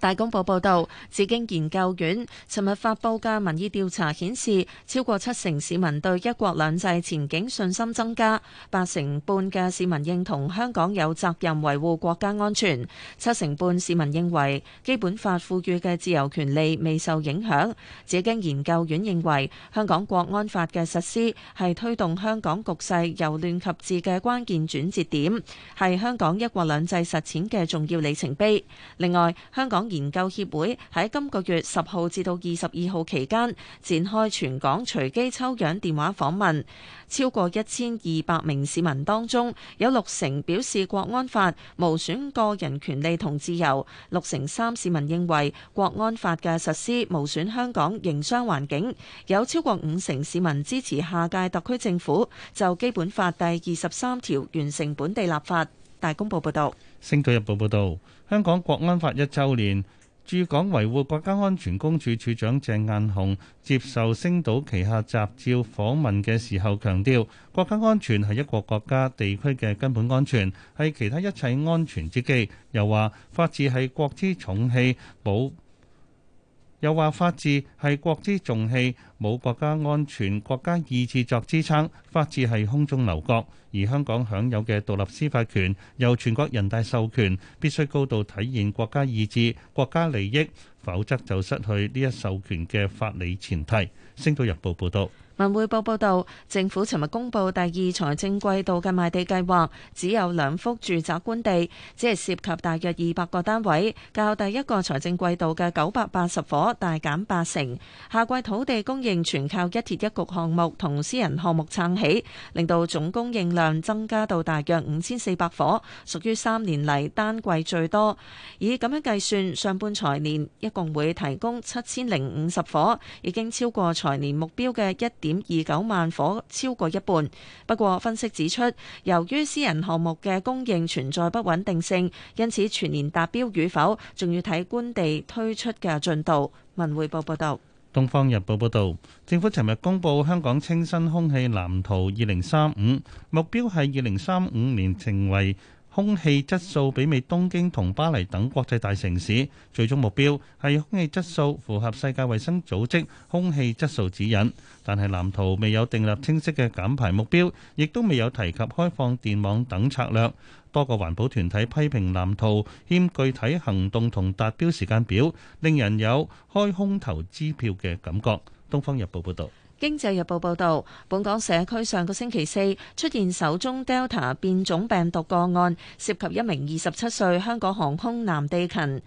大公報報導，紫荊研究院尋日發布嘅民意調查顯示，超過七成市民對一國兩制前景信心增加，八成半嘅市民認同香港有責任維護國家安全，七成半市民認為基本法賦予嘅自由權利未受影響。紫荊研究院認為，香港國安法嘅實施係推動香港局勢由亂及治嘅關鍵轉折點，係香港一國兩制實踐嘅重要里程碑。另外，香港研究協會喺今個月十號至到二十二號期間，展開全港隨機抽樣電話訪問，超過一千二百名市民當中有六成表示國安法無損個人權利同自由，六成三市民認為國安法嘅實施無損香港營商環境，有超過五成市民支持下屆特區政府就基本法第二十三條完成本地立法。大公報報道。星島日報報導，香港國安法一週年，駐港維護國家安全公署署署長鄭雁雄接受星島旗下雜誌訪問嘅時候強調，國家安全係一個國家地區嘅根本安全，係其他一切安全之基。又話法治係國之重器，保。又話法治係國之重器，冇國家安全、國家意志作支撐，法治係空中樓閣。而香港享有嘅獨立司法權，由全國人大授權，必須高度體現國家意志、國家利益。否則就失去呢一授權嘅法理前提。星島日報報道，文匯報報道，政府尋日公布第二財政季度嘅賣地計劃，只有兩幅住宅官地，只係涉及大約二百個單位，較第一個財政季度嘅九百八十伙大減八成。下季土地供應全靠一鐵一局項目同私人項目撐起，令到總供應量增加到大約五千四百伙，屬於三年嚟單季最多。以咁樣計算，上半財年共會提供七千零五十伙，已經超過財年目標嘅一點二九萬伙，超過一半。不過分析指出，由於私人項目嘅供應存在不穩定性，因此全年達標與否，仲要睇官地推出嘅進度。文匯報報道。《東方日報》報道，政府尋日公布香港清新空氣藍圖二零三五，目標係二零三五年成為，空氣質素媲美東京同巴黎等國際大城市，最終目標係空氣質素符合世界衛生組織空氣質素指引。但係藍圖未有訂立清晰嘅減排目標，亦都未有提及開放電網等策略。多個環保團體批評藍圖欠具體行動同達標時間表，令人有開空頭支票嘅感覺。《東方日報》報導。經濟日報報導，本港社區上個星期四出現首宗 Delta 變種病毒個案，涉及一名二十七歲香港航空男地勤。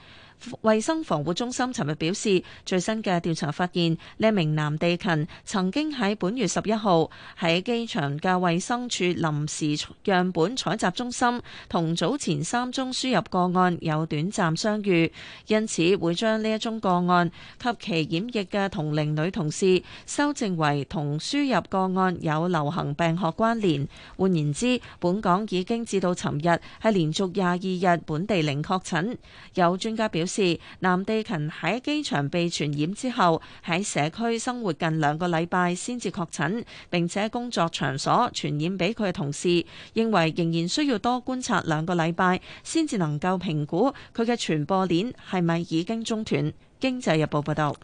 衞生防護中心尋日表示，最新嘅調查發現，呢名男地勤曾經喺本月十一號喺機場嘅衞生署臨時樣本採集中心同早前三宗輸入個案有短暫相遇，因此會將呢一宗個案及其染疫嘅同齡女同事修正為同輸入個案有流行病學關聯。換言之，本港已經至到尋日係連續廿二日本地零確診。有專家表表示南地勤喺機場被傳染之後，喺社區生活近兩個禮拜先至確診，並且工作場所傳染俾佢嘅同事，認為仍然需要多觀察兩個禮拜先至能夠評估佢嘅傳播鏈係咪已經中斷。經濟日報報道。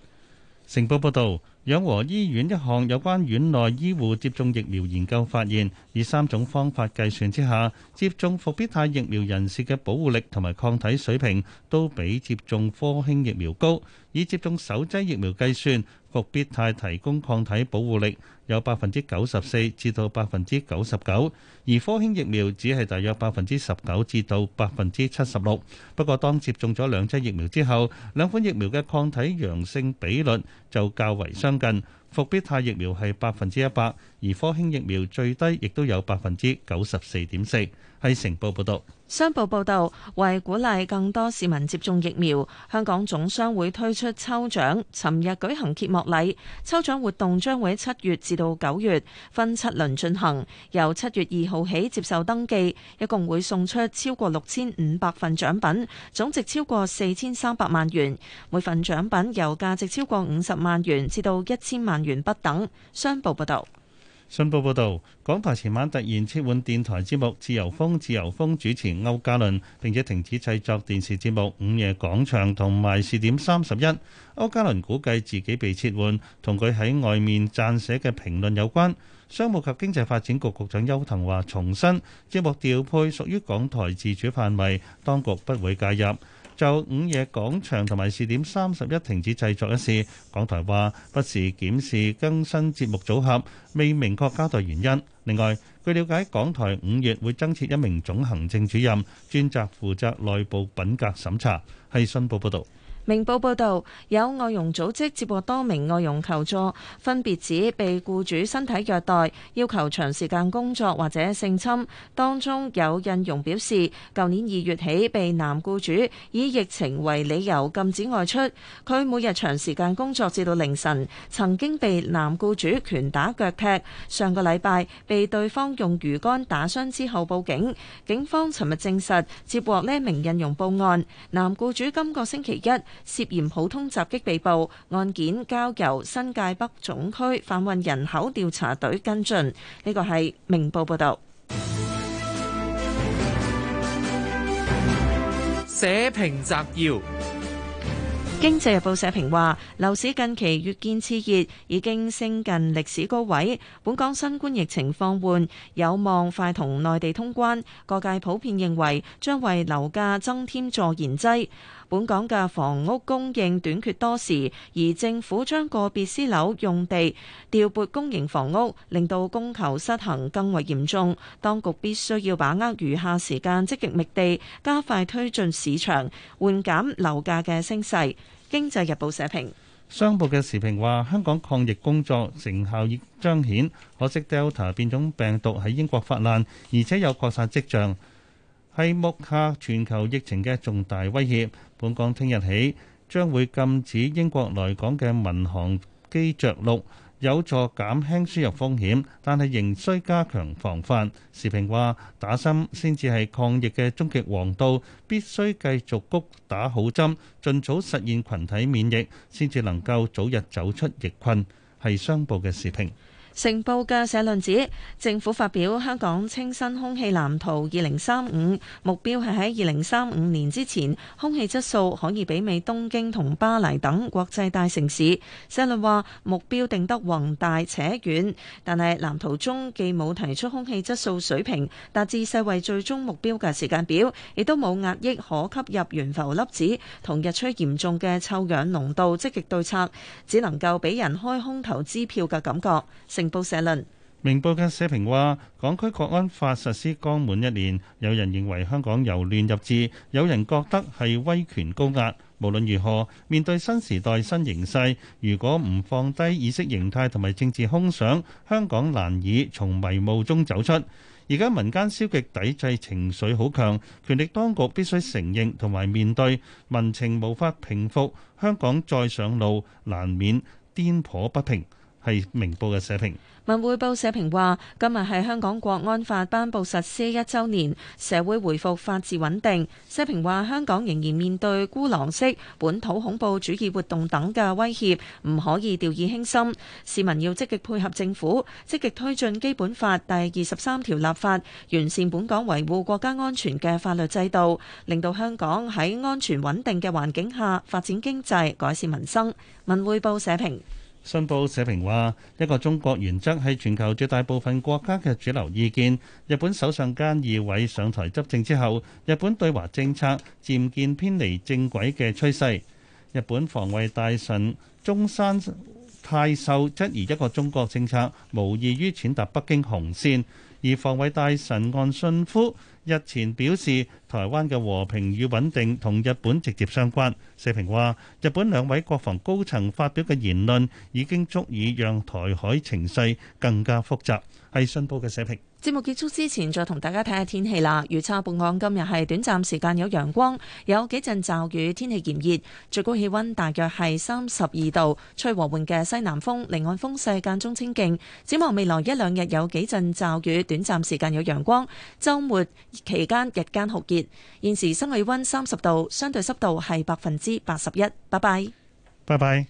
成報報導，養和醫院一項有關院內醫護接種疫苗研究發現，以三種方法計算之下，接種復必泰疫苗人士嘅保護力同埋抗體水平都比接種科興疫苗高。以接種首劑疫苗計算。復必泰提供抗體保護力有百分之九十四至到百分之九十九，而科興疫苗只係大約百分之十九至到百分之七十六。不過當接種咗兩劑疫苗之後，兩款疫苗嘅抗體陽性比率就較為相近。復必泰疫苗係百分之一百，而科興疫苗最低亦都有百分之九十四點四。係成報報道。商報報道，為鼓勵更多市民接種疫苗，香港總商會推出抽獎，尋日舉行揭幕禮。抽獎活動將會喺七月至到九月分七輪進行，由七月二號起接受登記，一共會送出超過六千五百份獎品，總值超過四千三百萬元，每份獎品由價值超過五十萬元至到一千萬元不等。商報報道。信報報導，港台前晚突然撤換電台節目《自由風》，自由風主持區家麟，並且停止製作電視節目《午夜廣場》同埋《視點31》。區家麟估計自己被撤換，同佢喺外面撰寫嘅評論有關。商務及經濟發展局局長邱騰華重申，節目調配屬於港台自主範圍，當局不會介入。.就午夜廣場同埋試點三十一停止製作一事，港台話不時檢視更新節目組合，未明確交代原因。另外，據了解，港台五月會增設一名總行政主任，專責負責內部品格審查。係信報報道。明報報導，有外傭組織接獲多名外傭求助，分別指被雇主身體虐待、要求長時間工作或者性侵。當中有印傭表示，舊年二月起被男雇主以疫情為理由禁止外出，佢每日長時間工作至到凌晨，曾經被男雇主拳打腳踢。上個禮拜被對方用魚竿打傷之後報警，警方尋日證實接獲呢名印傭報案。男雇主今個星期一涉嫌普通襲擊被捕，案件交由新界北總區販運人口調查隊跟進。呢個係明報報道。社評摘要：經濟日報社評話，樓市近期越見熾熱，已經升近歷史高位。本港新冠疫情放緩，有望快同內地通關，各界普遍認為將為樓價增添助燃劑。本港嘅房屋供應短缺多時，而政府將個別私樓用地調撥公營房屋，令到供求失衡更為嚴重。當局必須要把握餘下時間積極覓地，加快推進市場，緩減樓價嘅升勢。經濟日報社評。商報嘅時評話：香港抗疫工作成效亦彰顯，可惜 Delta 變種病毒喺英國發難，而且有擴散跡象，係目下全球疫情嘅重大威脅。本港聽日起將會禁止英國來港嘅民航機着陸，有助減輕輸入風險，但係仍需加強防範。時評話：打針先至係抗疫嘅終極王道，必須繼續谷打好針，盡早實現羣體免疫，先至能夠早日走出疫困。係商報嘅時評。成報嘅社論指，政府發表香港清新空氣藍圖二零三五目標係喺二零三五年之前，空氣質素可以媲美東京同巴黎等國際大城市。社論話目標定得宏大且遠，但係藍圖中既冇提出空氣質素水平達至世衞最終目標嘅時間表，亦都冇壓抑可吸入懸浮粒子同日趨嚴重嘅臭氧濃度積極對策，只能夠俾人開空頭支票嘅感覺。明報社論：明報嘅社評話，港區國安法實施剛滿一年，有人認為香港由亂入治，有人覺得係威權高壓。無論如何，面對新時代新形勢，如果唔放低意識形態同埋政治空想，香港難以從迷霧中走出。而家民間消極抵制情緒好強，權力當局必須承認同埋面對民情，無法平復，香港再上路難免顛簸不平。係明報嘅社評。文匯報社評話今日係香港國安法頒布實施一周年，社會回復法治穩定。社評話香港仍然面對孤狼式本土恐怖主義活動等嘅威脅，唔可以掉以輕心。市民要積極配合政府，積極推進基本法第二十三條立法，完善本港維護國家安全嘅法律制度，令到香港喺安全穩定嘅環境下發展經濟，改善民生。文匯報社評。信報社評話：一個中國原則係全球絕大部分國家嘅主流意見。日本首相菅義偉上台執政之後，日本對華政策漸見偏離正軌嘅趨勢。日本防衛大臣中山泰秀質疑一個中國政策無異於踐踏北京紅線。而防衛大臣岸信夫日前表示，台灣嘅和平與穩定同日本直接相關。社評話，日本兩位國防高層發表嘅言論已經足以讓台海情勢更加複雜。係信報嘅社評。節目結束之前，再同大家睇下天氣啦。預測報告今日係短暫時間有陽光，有幾陣驟雨，天氣炎熱，最高氣溫大約係三十二度，吹和緩嘅西南風，離岸風勢間中清勁。展望未來一兩日有幾陣驟雨，短暫時間有陽光。週末期間日間酷熱，現時室內溫三十度，相對濕度係百分之八十一。拜拜。拜拜。